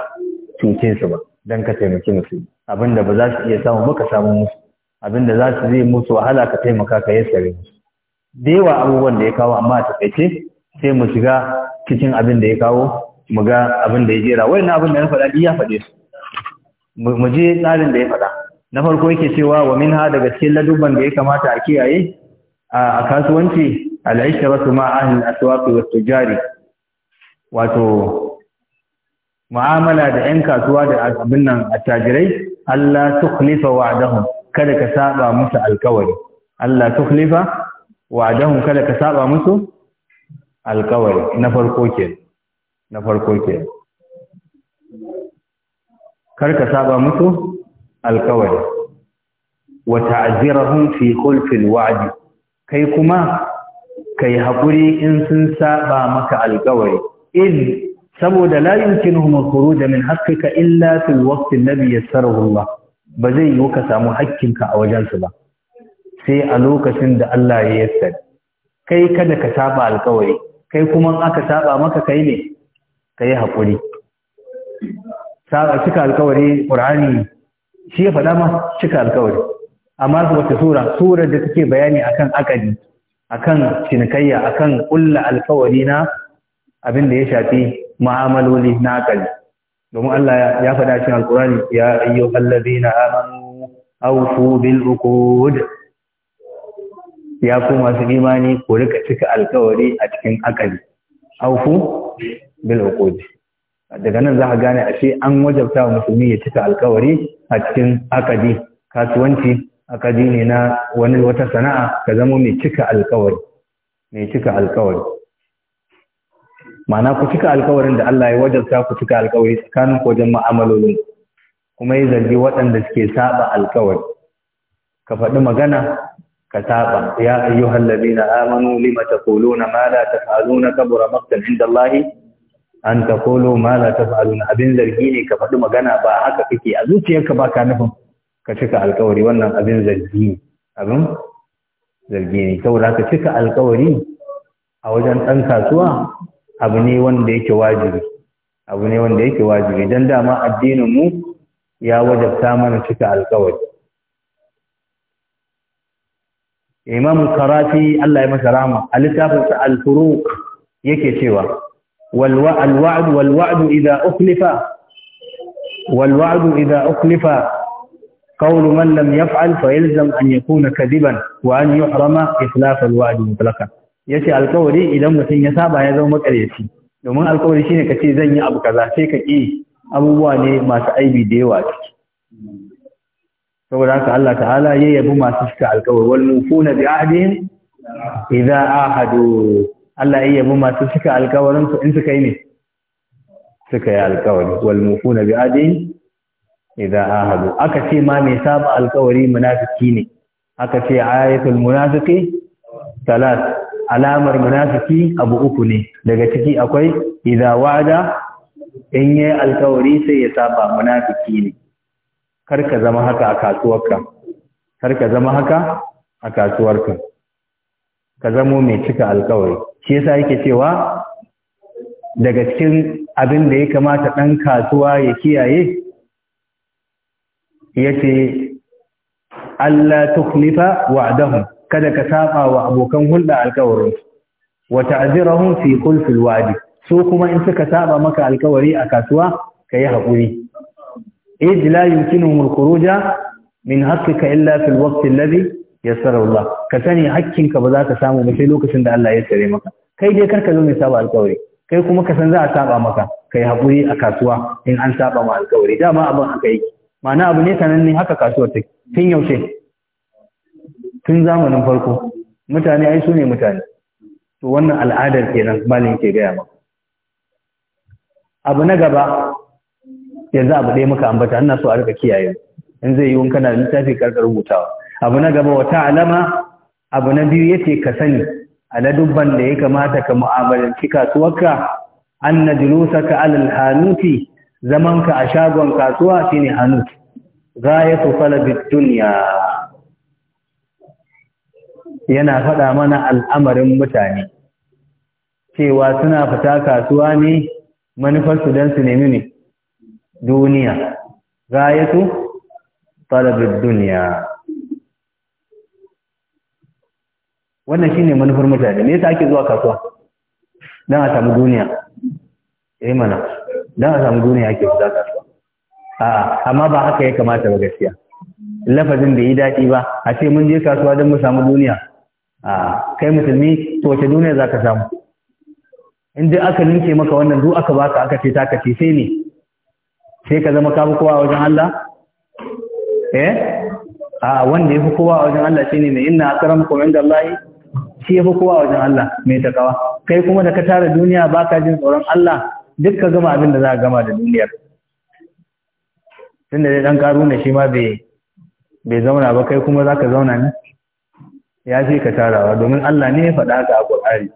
cuce su ba dan ka taimaki musulmi abinda ba za su iya samu maka samu musu abinda za su zai musu wahala ka taimaka ka yassare musu da yawa abubuwan da ya kawo amma a takaice sai mu shiga cikin abin da ya kawo mu ga abin da ya jera wai na abin da ya faɗa ya faɗe su mu je tsarin da ya faɗa na farko yake cewa wa min ha daga cikin ladubban da ya kamata a kiyaye a kasuwanci al'ishratu ma ma'ahin al-aswaq wa tujari wato mu'amala da 'yan kasuwa da abin nan attajirai Allah wa adahun kada ka saba musu alkawari Allah wa adahun kada ka saba musu alkawari na farko ke na farko ke kar ka saba musu alkawari wa ta'zirahum fi khulfil wa'di kai kuma kai hakuri in sun saba maka alkawari in saboda la yumkinuhum al-khuruj min haqqika illa fil waqti alladhi yassarahu Allah ba zai yi ka samu haƙƙinka a wajensu ba sai a lokacin da Allah ya yassara kai kada ka saba alkawari kai kuma aka saba maka kai ne kai hakuri saba cika alkawari qur'ani shi ya faɗa ma cika alkawari amma su wata sura surar da take bayani akan akadi akan cinikayya akan kulla alkawari na abin da ya shafi mu'amaloli na akali domin Allah ya faɗa cikin alkurani ya ayyu allazina amanu awfu bil uqud ya ku masu imani ku rika cika alkawari a cikin akali awfu bil uqud daga nan za ka gane ashe an wajabta wa musulmi ya cika alkawari a cikin akadi kasuwanci akadi ne na wani wata sana'a ka zama mai cika alkawari mai cika alkawari ma'ana ku cika alkawarin da Allah ya wajabta ku cika alkawari tsakanin ku wajen ma'amalolin kuma ya zargi waɗanda suke saba alkawari ka faɗi magana ka saba ya ayyuhal ladina amanu lima taquluna ma la taf'aluna kabura maqtan inda Allah an ta kolo ma la na abin zargi ne ka faɗi magana ba haka kake a zuciyarka ba ka nufin ka cika alkawari wannan abin zargi ne abin zargi ne saboda ka cika alkawari a wajen ɗan kasuwa abu ne wanda yake wajibi abu ne wanda yake wajibi don dama addinin mu ya wajabta mana cika alkawari Imam Karafi Allah ya masa rama a littafinsa Al-Furuq yake cewa والوعد والوعد إذا أخلف والوعد إذا أخلف قول من لم يفعل فيلزم أن يكون كذبا وأن يحرم إخلاف الوعد مطلقا yace alkawari idan mutum ya saba ya zama makaryaci domin alkawari shine kace zan yi abu kaza sai ka ki abubuwa ne masu aibi da yawa ciki saboda haka Allah ta'ala ya yabi masu cika alkawari wal mufuna bi ahdihim idza ahadu Allah ya yabi masu cika alkawarin su in suka yi ne suka yi alkawari wal mufuna bi adin idza ahadu aka ce ma mai saba alkawari munafiki ne aka ce ayatul munafiki salat alamar munafiki abu uku ne daga ciki akwai idza wa'ada in yi alkawari sai ya saba munafiki ne karka zama haka a kasuwarka karka zama haka a kasuwarka ka zamo mai cika alkawari shi yasa yake cewa daga cikin abin da ya kamata ɗan kasuwa ya kiyaye ya ce Allah tuklifa wa'adahu kada ka saba wa abokan hulɗa alkawarin wa ta'zirahum fi kulfil wadi So kuma in suka saba maka alkawari a kasuwa ka yi haƙuri id la yumkinuhum alkhuruja min haqqika illa fil waqti alladhi Allah ka sani hakkinka ba za ka samu ba sai lokacin da Allah ya tsare maka kai dai karka zo mai saba alƙawari kai kuma ka san za a saba maka kai haƙuri a kasuwa in an saba ma alƙawari dama abin aka yi. ma'ana abu ne ne haka kasuwar take tun yaushe tun zamanin farko mutane ai su ne mutane to wannan al'adar kenan malin ke gaya maka abu na gaba yanzu abu ɗaya muka ambata ina so a rika kiyaye in zai yi kana da littafi karkar rubutawa abu na gaba wata alama abu na biyu yace ka sani aladubban da ya kamata ka mu'amalanci kasuwarka julusa ka alal hanuti zamanka a shagon kasuwa shine hanut su talabid duniya yana faɗa mana al'amarin mutane cewa suna fita kasuwa ne manufarsu don su nemi ne duniya gayatu talabin duniya wannan shine manufar mutane ne ta ake zuwa kasuwa don a samu duniya yi eh mana don a samu duniya ake zuwa kasuwa a amma ba haka ya kamata ba gaskiya lafazin bai yi daɗi ba a ce mun je kasuwa don mu samu duniya a kai musulmi to wace duniya za ka samu in dai aka ninke maka wannan duk aka baka aka ce taka ce sai ne sai ka zama kafi kowa wajen Allah eh a wanda ya fi kowa wajen Allah shine ne inna akramakum inda Allah shi yafi kowa wajen Allah mai takawa kai kuma da ka tara duniya baka jin tsoron Allah duk ka gama abin da za ka gama da duniyar tunda dai dan ne shi ma bai bai zauna ba kai kuma za ka zauna ne ya fi ka tarawa domin Allah ne ya faɗa ka a Qur'ani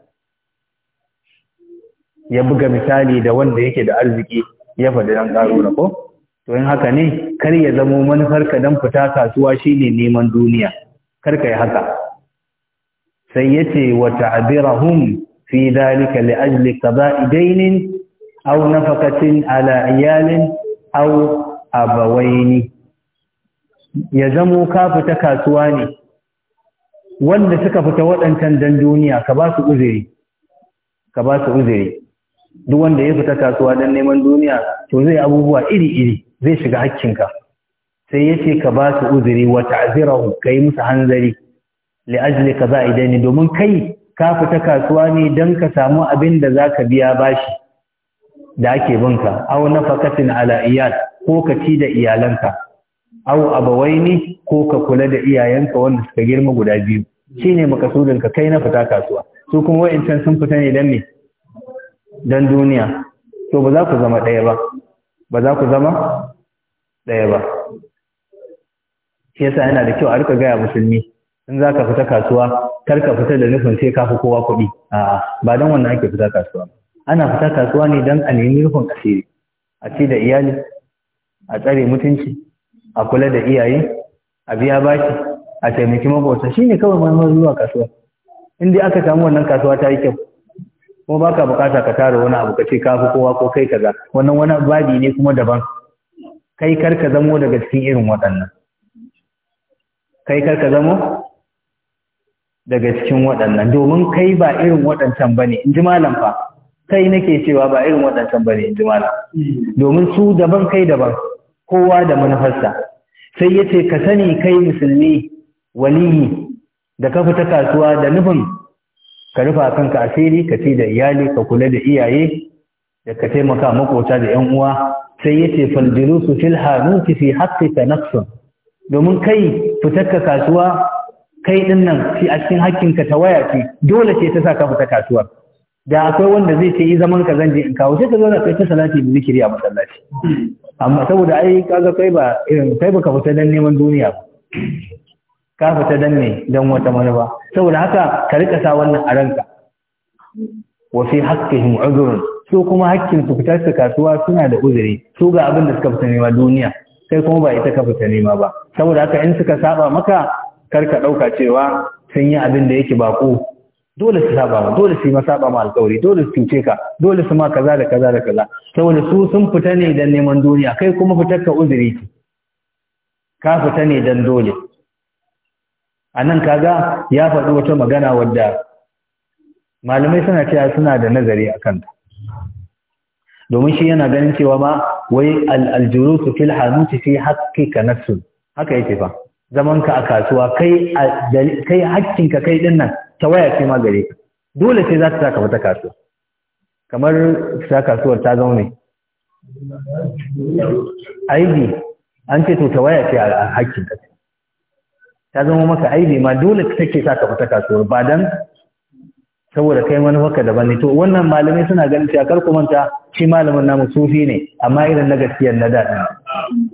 ya buga misali da wanda yake da arziki ya faɗi dan karu ne ko to in haka ne kar ya zamo ka dan fita kasuwa shine neman duniya kar ka yi haka sai yace wa ta'birahum fi dalika li ajli qada'i daynin aw nafaqatin ala iyalin aw abawaini ya zamo ka fita kasuwa ne wanda suka fita waɗancan dan duniya ka ba su uzuri ka ba su uzuri duk wanda ya fita kasuwa dan neman duniya to zai abubuwa iri-iri zai shiga hakkinka sai yace ka ba su uzuri wa ta'zirahu kai musu hanzari li'ajli ka za idaini domin kai ka fita kasuwa ne don ka samu abin da za ka biya bashi da ake binka aw nafaqatin ala iyal ko ka ci da iyalanka aw abawaini ko ka kula da iyayenka wanda suka girma guda biyu shine makasudin ka kai na fita kasuwa su kuma wa'incan sun fita ne don me don duniya to ba za ku zama ɗaya ba ba za ku zama ɗaya ba shi yasa yana da kyau a rika gaya musulmi in za ka fita kasuwa kar ka fita da nufin sai ka fi kowa kuɗi a ba don wannan ake fita kasuwa ana fita kasuwa ne don a nemi nufin asiri a ci da iyali a tsare mutunci a kula da iyaye a biya bashi a taimaki makwabta shine kawai manufar zuwa kasuwa in dai aka samu wannan kasuwa ta yi kyau kuma baka bukata ka tara wani abu ce ka fi kowa ko kai kaza wannan wani babi ne kuma daban kai kar ka zamo daga cikin irin waɗannan kai kar ka zamo daga cikin waɗannan domin kai ba irin waɗancan bane in ji malam fa kai nake cewa ba irin waɗancan bane in ji malam domin su daban kai daban kowa da manufarsa sai ya ce ka sani kai musulmi waliyi da ka fita kasuwa da nufin ka rufa kanka asiri ka ce da iyali ka kula da iyaye da ka taimaka makota da yan uwa sai ya ce faljirusu fil kifi fi ka nafsun domin kai ka kasuwa kai din nan shi a cikin hakkinka ta waya ce dole ce ta ka fita kasuwar da akwai wanda zai ce yi zaman ka zan je in kawo sai ka na kai ta salati da zikiri a masallaci amma saboda ai kaga kai ba irin kai baka fita dan neman duniya ba ka fita dan ne dan wata manufa saboda haka ka rika sa wannan a ranka wa fi haqqihim udhrun su kuma hakkin su fitar su kasuwa suna da uzuri su ga abin da suka fita nema duniya sai kuma ba ita ka fita nema ba saboda haka in suka saba maka kar ka ɗauka cewa sun yi abin da yake baƙo dole su saba ma dole su yi masaba ma alƙawari dole su cuce ka dole su ma kaza da kaza da kaza saboda su sun fita ne don neman duniya kai kuma fitar ka uzuri ka fita ne don dole a nan kaga ya faɗi wata magana wadda malamai suna cewa suna da nazari a kanta domin shi yana ganin cewa ma wai aljurusu fil hanuti fi haqqi kanassun haka yake fa zamanka a kasuwa kai kai hakkinka kai din nan ta waya ce ma gare ka dole sai za ta saka fita kasuwa kamar ta kasuwar ta zama mai aibi an ce to ta waya ce a hakkinka ta zama maka aibi ma dole ta take saka fita kasuwar ba dan saboda kai manufarka daban ne to wannan malamai suna ganin cewa kar ku manta shi malamin namu sufi ne amma irin na gaskiyar na da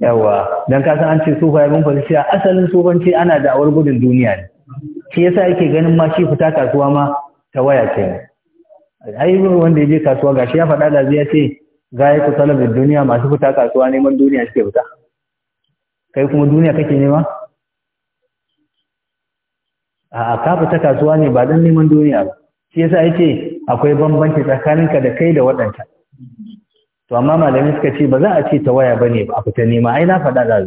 yawa don kasan an ce sufaye mun fasi cewa asalin sufanci ana da'awar gudun duniya ne shi yasa yake ganin ma shi fita kasuwa ma ta waya ce ai wanda ya je kasuwa gashi ya faɗa da zai ce ga ya kusa da duniya masu fita kasuwa neman duniya suke fita kai kuma duniya kake nema a ka fita kasuwa ne ba don neman duniya ba shi yasa yake akwai bambanci tsakaninka da kai da waɗanta to amma malami suka ce ba za a ce ta waya bane ba a fita nema ai na faɗa da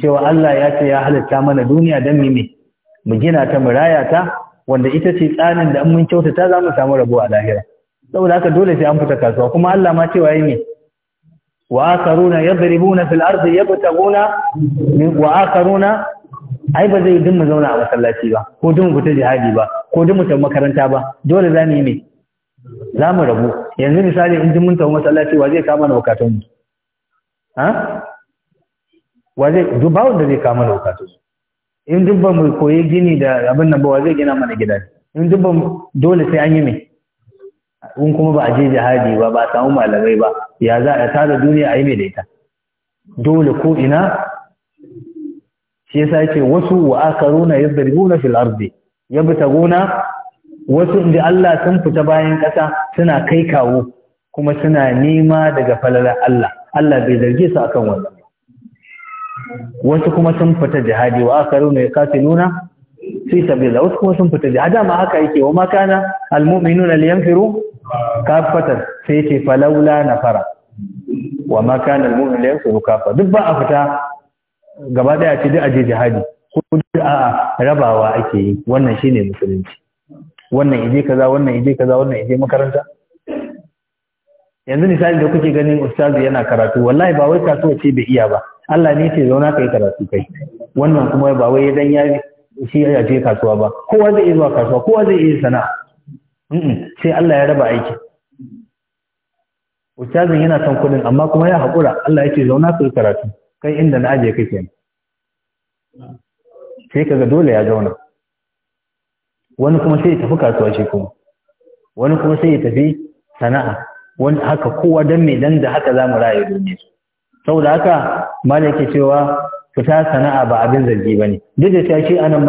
cewa Allah ya ce ya halitta mana duniya dan mime mu gina ta mu raya ta wanda ita ce tsanin da an mun kyautata za mu samu rabo a lahira saboda haka dole sai an fita kasuwa kuma Allah ma cewa yi ne wa akaruna yadribuna fil ardi yabtaguna wa akaruna ai ba zai dun zauna a masallaci ba ko dun fita jihadi ba ko dun mu tafi makaranta ba dole za mu yi ne za mu rabu yanzu misali in ji mun tafi masallaci wa zai kama na bukatun mu ha wa zai duk ba wanda zai kama na bukatun in dubban mu koyi gini da abin nan ba wa zai gina mana gida in dubban dole sai an yi mai in kuma ba a je jihadi ba ba samu malamai ba ya za a tada duniya a yi mai da ita dole ko ina shi yasa yake wasu wa akaruna yadribuna fil ardi yabtaguna wasu inda Allah sun fita bayan ƙasa suna kai kawo kuma suna nema daga falalar Allah Allah bai zarge su akan wannan wasu kuma sun fita jihadi wa akaru ne kasi nuna fi sabila wasu kuma sun fita jihadi ma haka yake wa makana almu'minuna liyanfiru kafatar sai ce falaula nafara wa makana almu'min liyanfiru kafa duk ba a fita gaba daya ce duk aje jihadi ko a rabawa ake yi wannan shine musulunci wannan ije kaza wannan ije kaza wannan ije makaranta yanzu misali da kuke ganin ustazu yana karatu wallahi ba wai kasuwa ce bai iya ba Allah ne ce zauna kai karatu kai wannan kuma ba wai dan ya shi ya je kasuwa ba kowa zai iya zuwa kasuwa kowa zai iya sana'a sai Allah ya raba aiki ustazin yana son kudin amma kuma ya haƙura Allah ya ce zauna kai karatu kai inda na aje kake sai kaga dole ya zauna wani kuma sai ya tafi kasuwa shi kuma wani kuma sai ya tafi sana'a wani haka kowa dan me dan da haka zamu rayu duniya saboda haka malam yake cewa fita sana'a ba abin zargi bane duk da cewa shi anan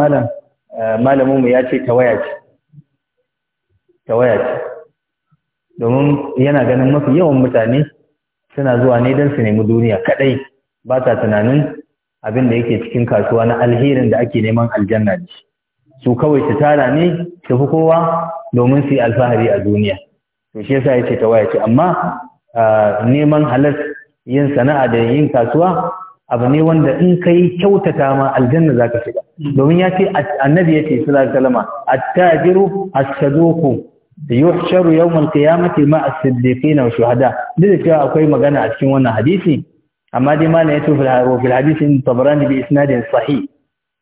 malam eh, mu ya ce tawaya ce tawaya ce domin yana ganin mafi yawan mutane suna zuwa ne don su nemi duniya kaɗai ba ta tunanin abin da yake cikin kasuwa na alherin da ake neman aljanna da shi su kawai su tara ne su fi kowa domin su yi alfahari a duniya to shi yasa yace waya ce amma neman halas yin sana'a da yin kasuwa abu ne wanda in yi kyautata ma aljanna zaka shiga domin ya ce annabi yace sallallahu alaihi wasallam at-tajiru as-saduq yuhsharu yawm al-qiyamati ma as-siddiqin wa shuhada duk cewa akwai magana a cikin wannan hadisi amma dai malam ya tufa fil hadisi tabarani bi isnadin sahih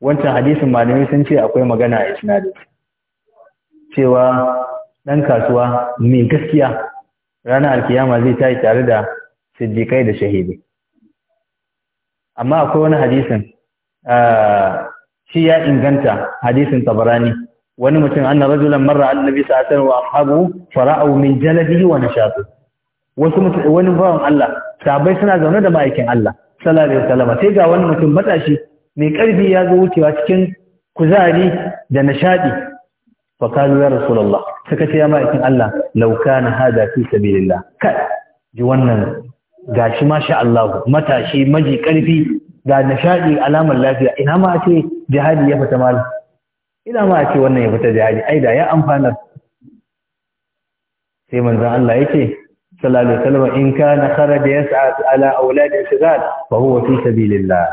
wancan hadisin malamai sun ce akwai magana a isnadin cewa dan kasuwa mai gaskiya ranar alkiyama zai tayi tare da siddiqai da shahidi amma akwai wani hadisin shi ya inganta hadisin tabarani wani mutum anna rajulan marra annabi sallallahu alaihi wa Abu fara'u min jaladihi wa nashatu wasu wani bawan Allah sabai suna zaune da ma'aikin Allah sallallahu alaihi wasallam sai ga wani mutum matashi mai ƙarfi ya zo wucewa cikin kuzari da nishaɗi fa kalu ya rasulullah suka ce ya ma'aikin Allah Lauka na hada fi sabilillah kai ji wannan gashi masha Allah matashi maji ƙarfi ga nishaɗi alamar lafiya ina ma ce jihadi ya fita mal ina ma ce wannan ya fita jihadi ai da ya amfanar sai manzon Allah yake sallallahu alaihi wasallam in kana kharaja yas'a ala auladi shizal fa huwa fi sabilillah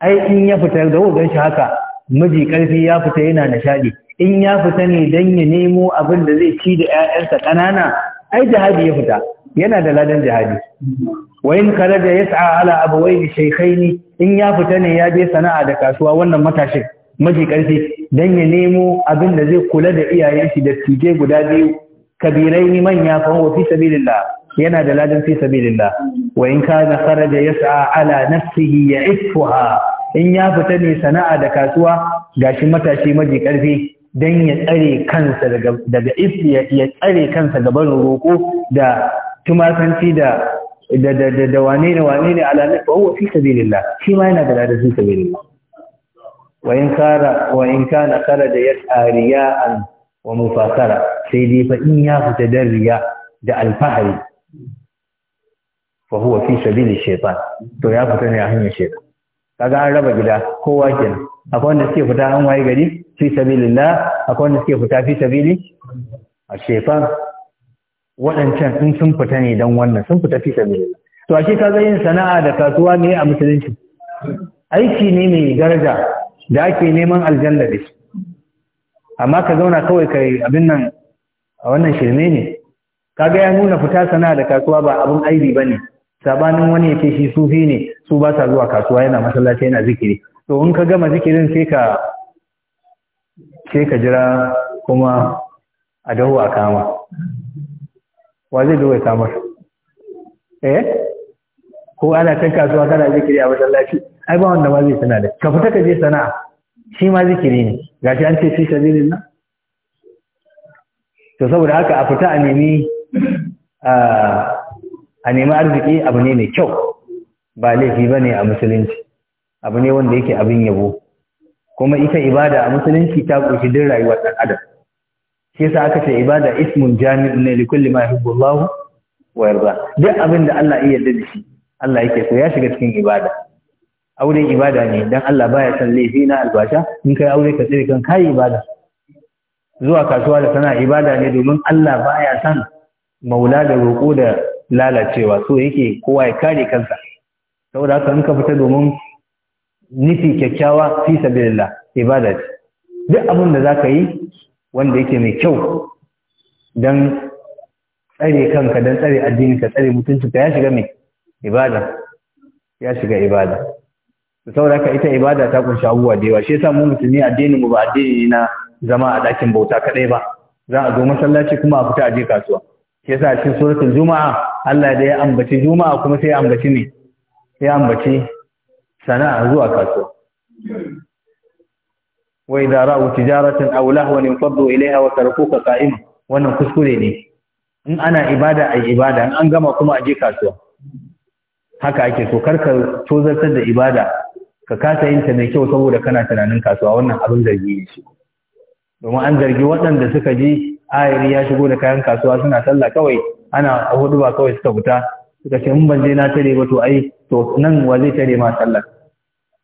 ai in ya fita da wogan shi haka miji karfi ya fita yana nishadi in ya fita ne dan ya nemo abin da zai ci da ƴaƴansa kanana ai jihadi ya fita yana da ladan jihadi wa in kharaja yas'a ala abawayhi shaykhaini in ya fita ne ya je sana'a da kasuwa wannan matashin miji karfi dan ya nemo abin da zai kula da iyayen shi da tije guda biyu kabirai manya fa huwa fi sabilillah yana da ladan fi sabilillah wa in kana kharaja yas'a ala nafsihi ya'ifuha in ya fita ne sana'a da kasuwa gashi matashi maji karfi dan ya tsare kansa daga daga ya tsare kansa gaban roko da tumakanci da da da da wane ne wane ne ala nafi huwa fi sabilillah shi ma yana da ladan fi sabilillah wa in kana wa in kana kharaja yas'a riya'an wa mufakara sai dai fa in ya fita dan riya da alfahari fa huwa fi sabili shaytan to ya fita ne a hanyar shaytan kaga an raba gida kowa kenan akwai wanda suke fita an waye gari fi sabilillah akwai wanda suke fita fi sabili a shaytan waɗancan in sun fita ne don wannan sun fita fi sabilillah to ashe kaga yin sana'a da kasuwa ne a musulunci aiki ne mai daraja da ake neman aljanna da shi amma ka zauna kawai kai abin nan a wannan shirme ne kaga ya nuna fita sana'a da kasuwa ba abin aibi bane sabanin wani ya ce shi sufi ne su ba sa zuwa kasuwa yana masallaci yana zikiri to in ka gama zikirin sai ka sai ka jira kuma a dawo a kama wa zai dawo ya kama eh ko ana kan kasuwa kana zikiri a masallaci ai ba wanda ma zai sana da ka fita ka je sana'a shi ma zikiri ne gashi an ce shi fi nan. to saboda haka a fita a nemi a ah, a nemi arziki abu ne mai kyau ba laifi ba ne a musulunci abu ne wanda yake abin yabo kuma ita ibada a musulunci ta ƙunshi duk rayuwar ɗan adam shi yasa aka ce ibada ismun jami'un ne likulli ma yuhibbu Allah wa yarda duk abin da Allah ya yarda da shi Allah yake so ya shiga cikin ibada aure ibada ne dan Allah baya san laifi na albasha in kai aure ka tsire kan kai ibada zuwa kasuwa da sana ibada ne domin Allah baya san maula da roƙo da lalacewa so yake kowa ya kare kansa saboda haka in ka fita domin nufi kyakkyawa fi sabilillah ibada duk abin da zaka yi wanda yake mai kyau dan tsare kanka dan tsare addini ka tsare mutunci ka ya shiga mai ibada ya shiga ibada saboda haka ita ibada ta kunshi abubuwa da yawa shi yasa mu musulmi addinin mu ba addini ne na zama a ɗakin bauta kaɗai ba za a zo masallaci kuma a fita a je kasuwa shi yasa cikin suratul juma'a Allah da ya ambaci juma'a kuma sai ya ambaci ne ya ambaci sana'a zuwa kasuwa wa idza ra'u tijaratan aw lahwan infaddu ilayha wa tarkuka qa'iman wannan kuskure ne in ana ibada ai ibada in an gama kuma aje kasuwa haka ake so karka tozartar da ibada ka kasa yin ta mai kyau saboda kana tunanin kasuwa wannan abin zargi ne shi domin an zargi waɗanda suka ji ayari ya shigo da kayan kasuwa suna sallah kawai ana hudu ba kawai suka fita suka ce in ban je na tare ba to ai to nan wa zai tare ma sallar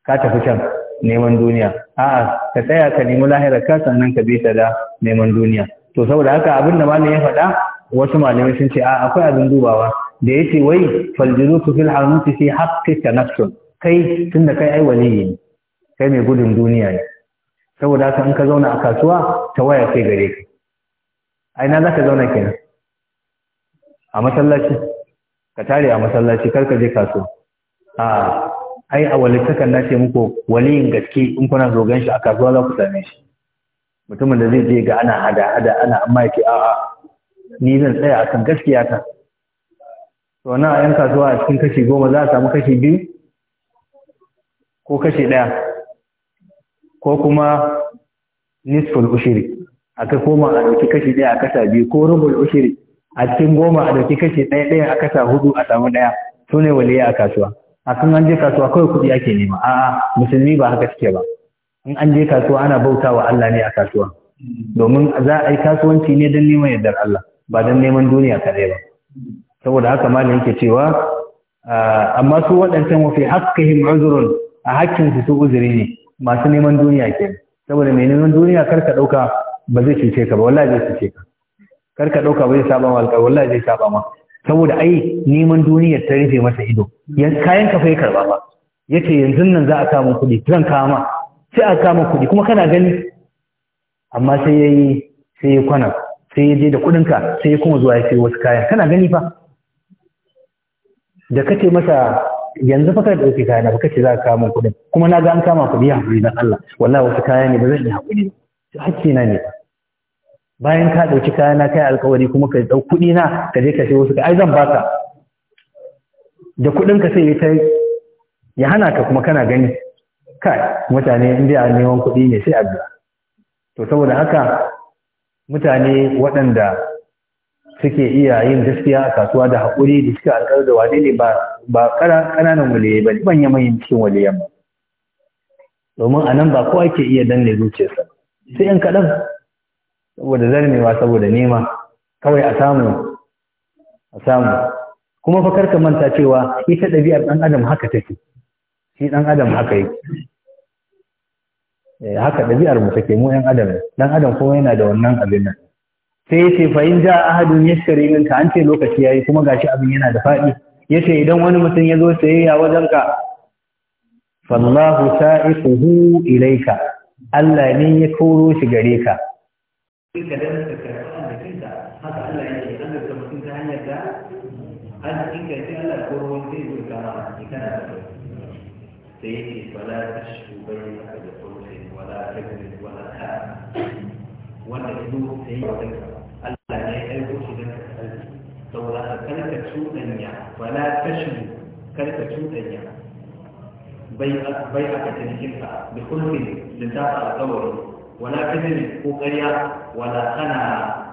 ka tafi can neman duniya a'a ka tsaya ka nemi lahira ka sannan ka bi ta da neman duniya to saboda haka abin da malamin ya faɗa wasu malamai sun ce a akwai abin dubawa da yace wai faljuzuku fil harmuti fi haqqika nafsun kai tunda kai ai waliyi ne kai mai gudun duniya ne saboda haka in ka zauna a kasuwa ta waya kai gare ka ai na zaka zauna kenan a masallaci ka tare a masallaci kar ka je kasuwa a ai a walittakan na ce muku waliyin gaske in kuna zogan shi a kasuwa za ku same shi mutumin da zai je ga ana hada hada ana amma yake a'a ni zan tsaya akan gaskiya ta to na yan kasuwa a cikin kashi goma za a samu kashi biyu ko kashi ɗaya ko kuma nisful ushiri aka koma a ɗauki kashi ɗaya a kasa biyu ko rubul ushiri a cikin goma a dauki kashi ɗaya ɗaya a kasa hudu a samu ɗaya su ne waliya a kasuwa a kan an je kasuwa kawai kuɗi ake nema a'a musulmi ba haka suke ba in an je kasuwa ana bauta wa Allah ne a kasuwa domin za a yi kasuwanci ne don neman yardar Allah ba don neman duniya kaɗai ba saboda haka ma yake cewa ah, amma su waɗancan wafi fi haqqihim uzrun a hakkin su su uzuri ne masu neman duniya ke saboda mai neman duniya kar ka ɗauka ba zai cuce ka ba wallahi zai cuce ka kar ka ɗauka zai saba ma alƙawari wallahi zai saba ma saboda ai neman duniyar ta rufe masa ido kayan ka fai karba ba yace yanzu nan za a kama kuɗi zan kama sai a kama kuɗi kuma kana gani amma sai yayi sai ya kwana sai ya je da kuɗin ka sai ya kuma zuwa ya sayo wasu kaya kana gani fa da kace masa yanzu fa ka dauke kaya na ba kace za ka kama kuɗin kuma na ga an kama kuɗi ya hakuri dan Allah wallahi wasu kaya ne ba zan yi hakuri hakki na ne ba bayan ka ɗauki kayana kai alkawari kuma ka ɗau kuɗi na ka je ka sai wasu kai. ai zan baka da kuɗin ka sai ya hana ka kuma kana gani kai mutane in dai a neman kuɗi ne sai abu to saboda haka mutane waɗanda suke iya yin gaskiya a kasuwa da haƙuri da suka alƙar da wane ne ba ƙananan waliyai ba manya manyan cikin waliyan ba domin a nan ba kowa ke iya danne zuciyarsa sai yan kaɗan saboda zarmewa saboda nema kawai a samu a samu kuma fa ka manta cewa ita ɗabi'ar ɗan adam haka take shi ɗan adam haka yake eh, haka ɗabi'ar mu take mu ɗan adam ɗan adam kuma yana da wannan abin nan sai ya ce fa'in ja ahadun ya min ka an ce lokaci ya yi kuma gashi abin yana da faɗi ya ce idan wani mutum ya zo sayayya ka fallahu sa'iquhu ilaika Allah ne ya koro shi gare ka كلام تكرار أنك أنت هذا ألا يعني أنك كما كنت هيا لا أنا إنك ألا كروتي بالكرامة كان سيدي فلا تشفي بينك بقلت ولا كذب ولا هام ولا تدور سيدك ألا لا يلبس لك القلب سولا كلك تشوتني فلا تشفي كلك تشوتني بيعك بيعك تنكفها بخلق لتعطى القول wala kadari ko ƙarya wala kana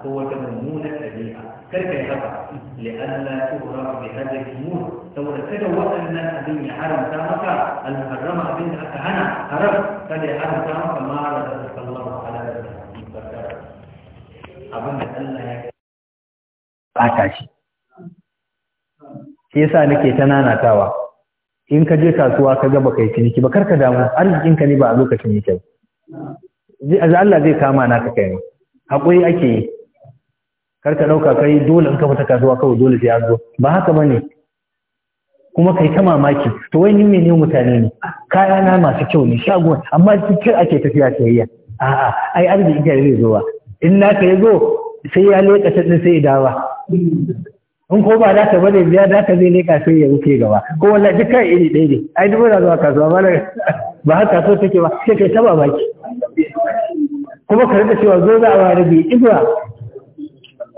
ko wata mummunan ɗabi'a kar ka yi haka li'alla tuhra bi hadha al-umur saboda kada waɗannan abin ya haramta maka al-harrama abin da aka hana haram kada ya haramta maka ma radallahu ala abin da Allah ya aka shi ke sa nake ta nanatawa in ka je kasuwa ka ga baka yi ciniki ba karka damu ka ne ba a lokacin yake ba Allah zai kama na ka kai haƙuri ake yi kar ka ɗauka kai dole in ka fita kasuwa kawai dole sai an zo ba haka ba ne kuma kai ta mamaki to wai ni mene mutane ne kaya na masu kyau ne shagon amma cikin ake tafiya sayayya a'a ai arziki ga zai zo in na ka zo sai ya leka ta din sai dawa in ko ba za ka bane biya da ka zai leka sai ya rufe gaba ko wallahi duka iri ɗaya ne ai duk na zuwa kasuwa ba ba haka so take ba sai kai ta mamaki kuma ka rika cewa zo za a ware bai izuwa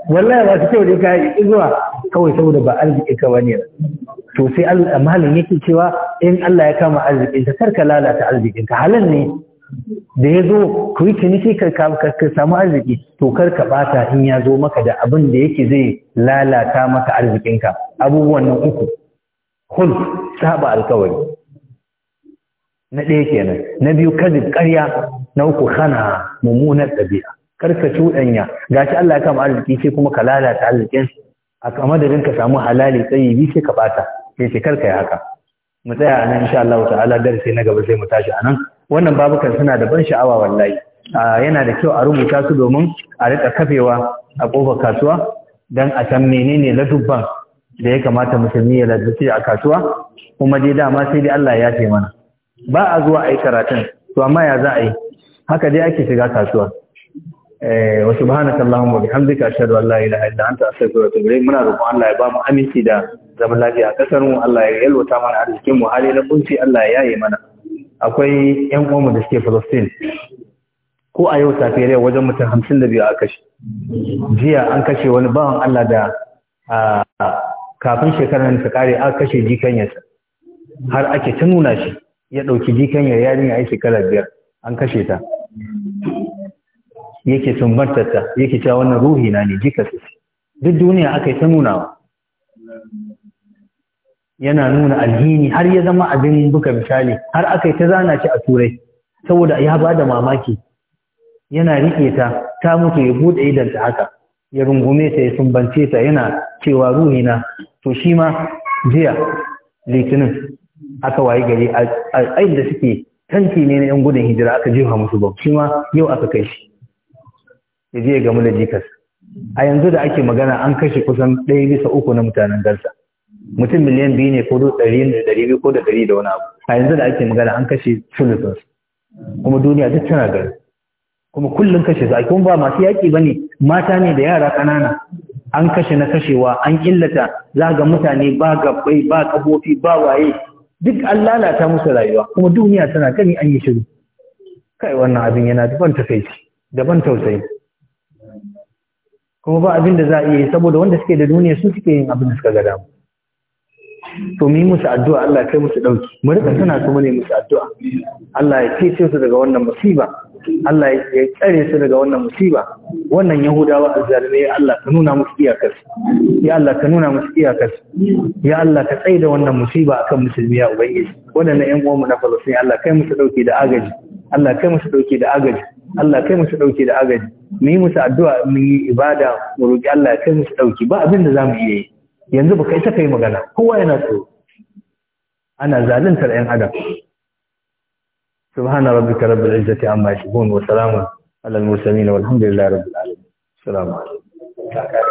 wallahi ba su kyau da ka yi izuwa kawai saboda ba arziki ka ba to sai Allah yake cewa in Allah ya kama arzikin ka karka lalata arzikin ka halan ne da ya zo ku yi ciniki ka samu arziki to kar ka bata in ya zo maka da abin da yake zai lalata maka arzikin ka abubuwan nan uku hul saba alkawari na ɗaya kenan na biyu kadib ƙarya na uku khana mummunar ɗabi'a karka cuɗanya shi Allah ya kama arziki sai kuma ka lalata arzikin a madadin ka samu halali tsayi bi sai ka bata sai ce karka yi haka mu tsaya a nan insha Allah ta'ala darasi na gaba sai mu tashi a nan wannan babukan suna da ban sha'awa wallahi yana da kyau a rubuta su domin a riƙa kafewa a kofar kasuwa dan a san menene ladubban da ya kamata musulmi ya lalace a kasuwa kuma dai dama sai dai Allah ya ce mana ba a zuwa ayi karatun to amma ya za a yi haka dai ake shiga kasuwa eh wa subhanaka wa bihamdika ashhadu an la ilaha illa anta astaghfiruka wa atubu ilayk muna roƙon Allah ya ba mu aminci da zaman lafiya a kasar mu Allah ya yalwata mana arzikin mu hali na kunci Allah ya yaye mana akwai ƴan uwanmu da suke Palestine ko a yau safiyar wajen mutum hamsin da biyu a kashe jiya an kashe wani bawan Allah da kafin shekarar ta kare aka kashe jikanyarsa har ake ta nuna shi ya ɗauki jikanyar yarinya a shekarar biyar an kashe ta yake sumbantarta yake cewa wannan ruhi na ne jika su duk duniya aka yi ta nunawa yana nuna alhini har ya zama abin buka misali har aka yi ta zana shi a turai saboda ya ba da mamaki yana riƙe ta ta mutu ya buɗe idan ta haka ya rungume ta ya sumbance ta yana cewa ruhi na to shi ma jiya litinin aka waye gari a da suke tanti ne na 'yan gudun hijira aka jefa musu ba shi ma yau aka kai shi ya je ya gamu da jikas a yanzu da ake magana an kashe kusan ɗaya bisa uku na mutanen garsa mutum miliyan biyu ne ko ɗari da ɗari biyu ko da ɗari da wani abu a yanzu da ake magana an kashe sulusun kuma duniya duk tana gari kuma kullum kashe su a kuma ba masu yaƙi ba ne mata ne da yara ƙanana an kashe na kashewa an illata za ga mutane ba gabbai ba kabofi ba waye duk an lalata musu rayuwa kuma duniya tana gani an yi shiru kai wannan abin yana daban takaici daban tausayi kuma ba abin da za a iya yi saboda wanda suke da duniya su suke yin abin da suka ga damu to mu yi musu addu'a Allah kai musu dauki mu rika suna kuma ne musu addu'a Allah ya cece su daga wannan musiba Allah ya tsare su daga wannan musiba wannan yahudawa azzalimai ya Allah ka nuna musu iyakar ya Allah ka nuna musu iyakar ya Allah ka tsaye da wannan musiba akan musulmi ya ubangiji wadannan ƴan uwanmu na Falastin Allah kai musu dauki da agaji Allah kai musu dauki da agaji Allah kai mu su ɗauki da agaji mu yi musu addu'a mu yi ibada mu roki Allah kai mu su ɗauki ba abin da mu iya yi yanzu ba kai ta kai magana kowa yana tsoro ana zaluntar yan adam subhana rabbika rabbil izzati amma yasifun wa salamun alal mursalin walhamdulillahi rabbil alamin assalamu alaikum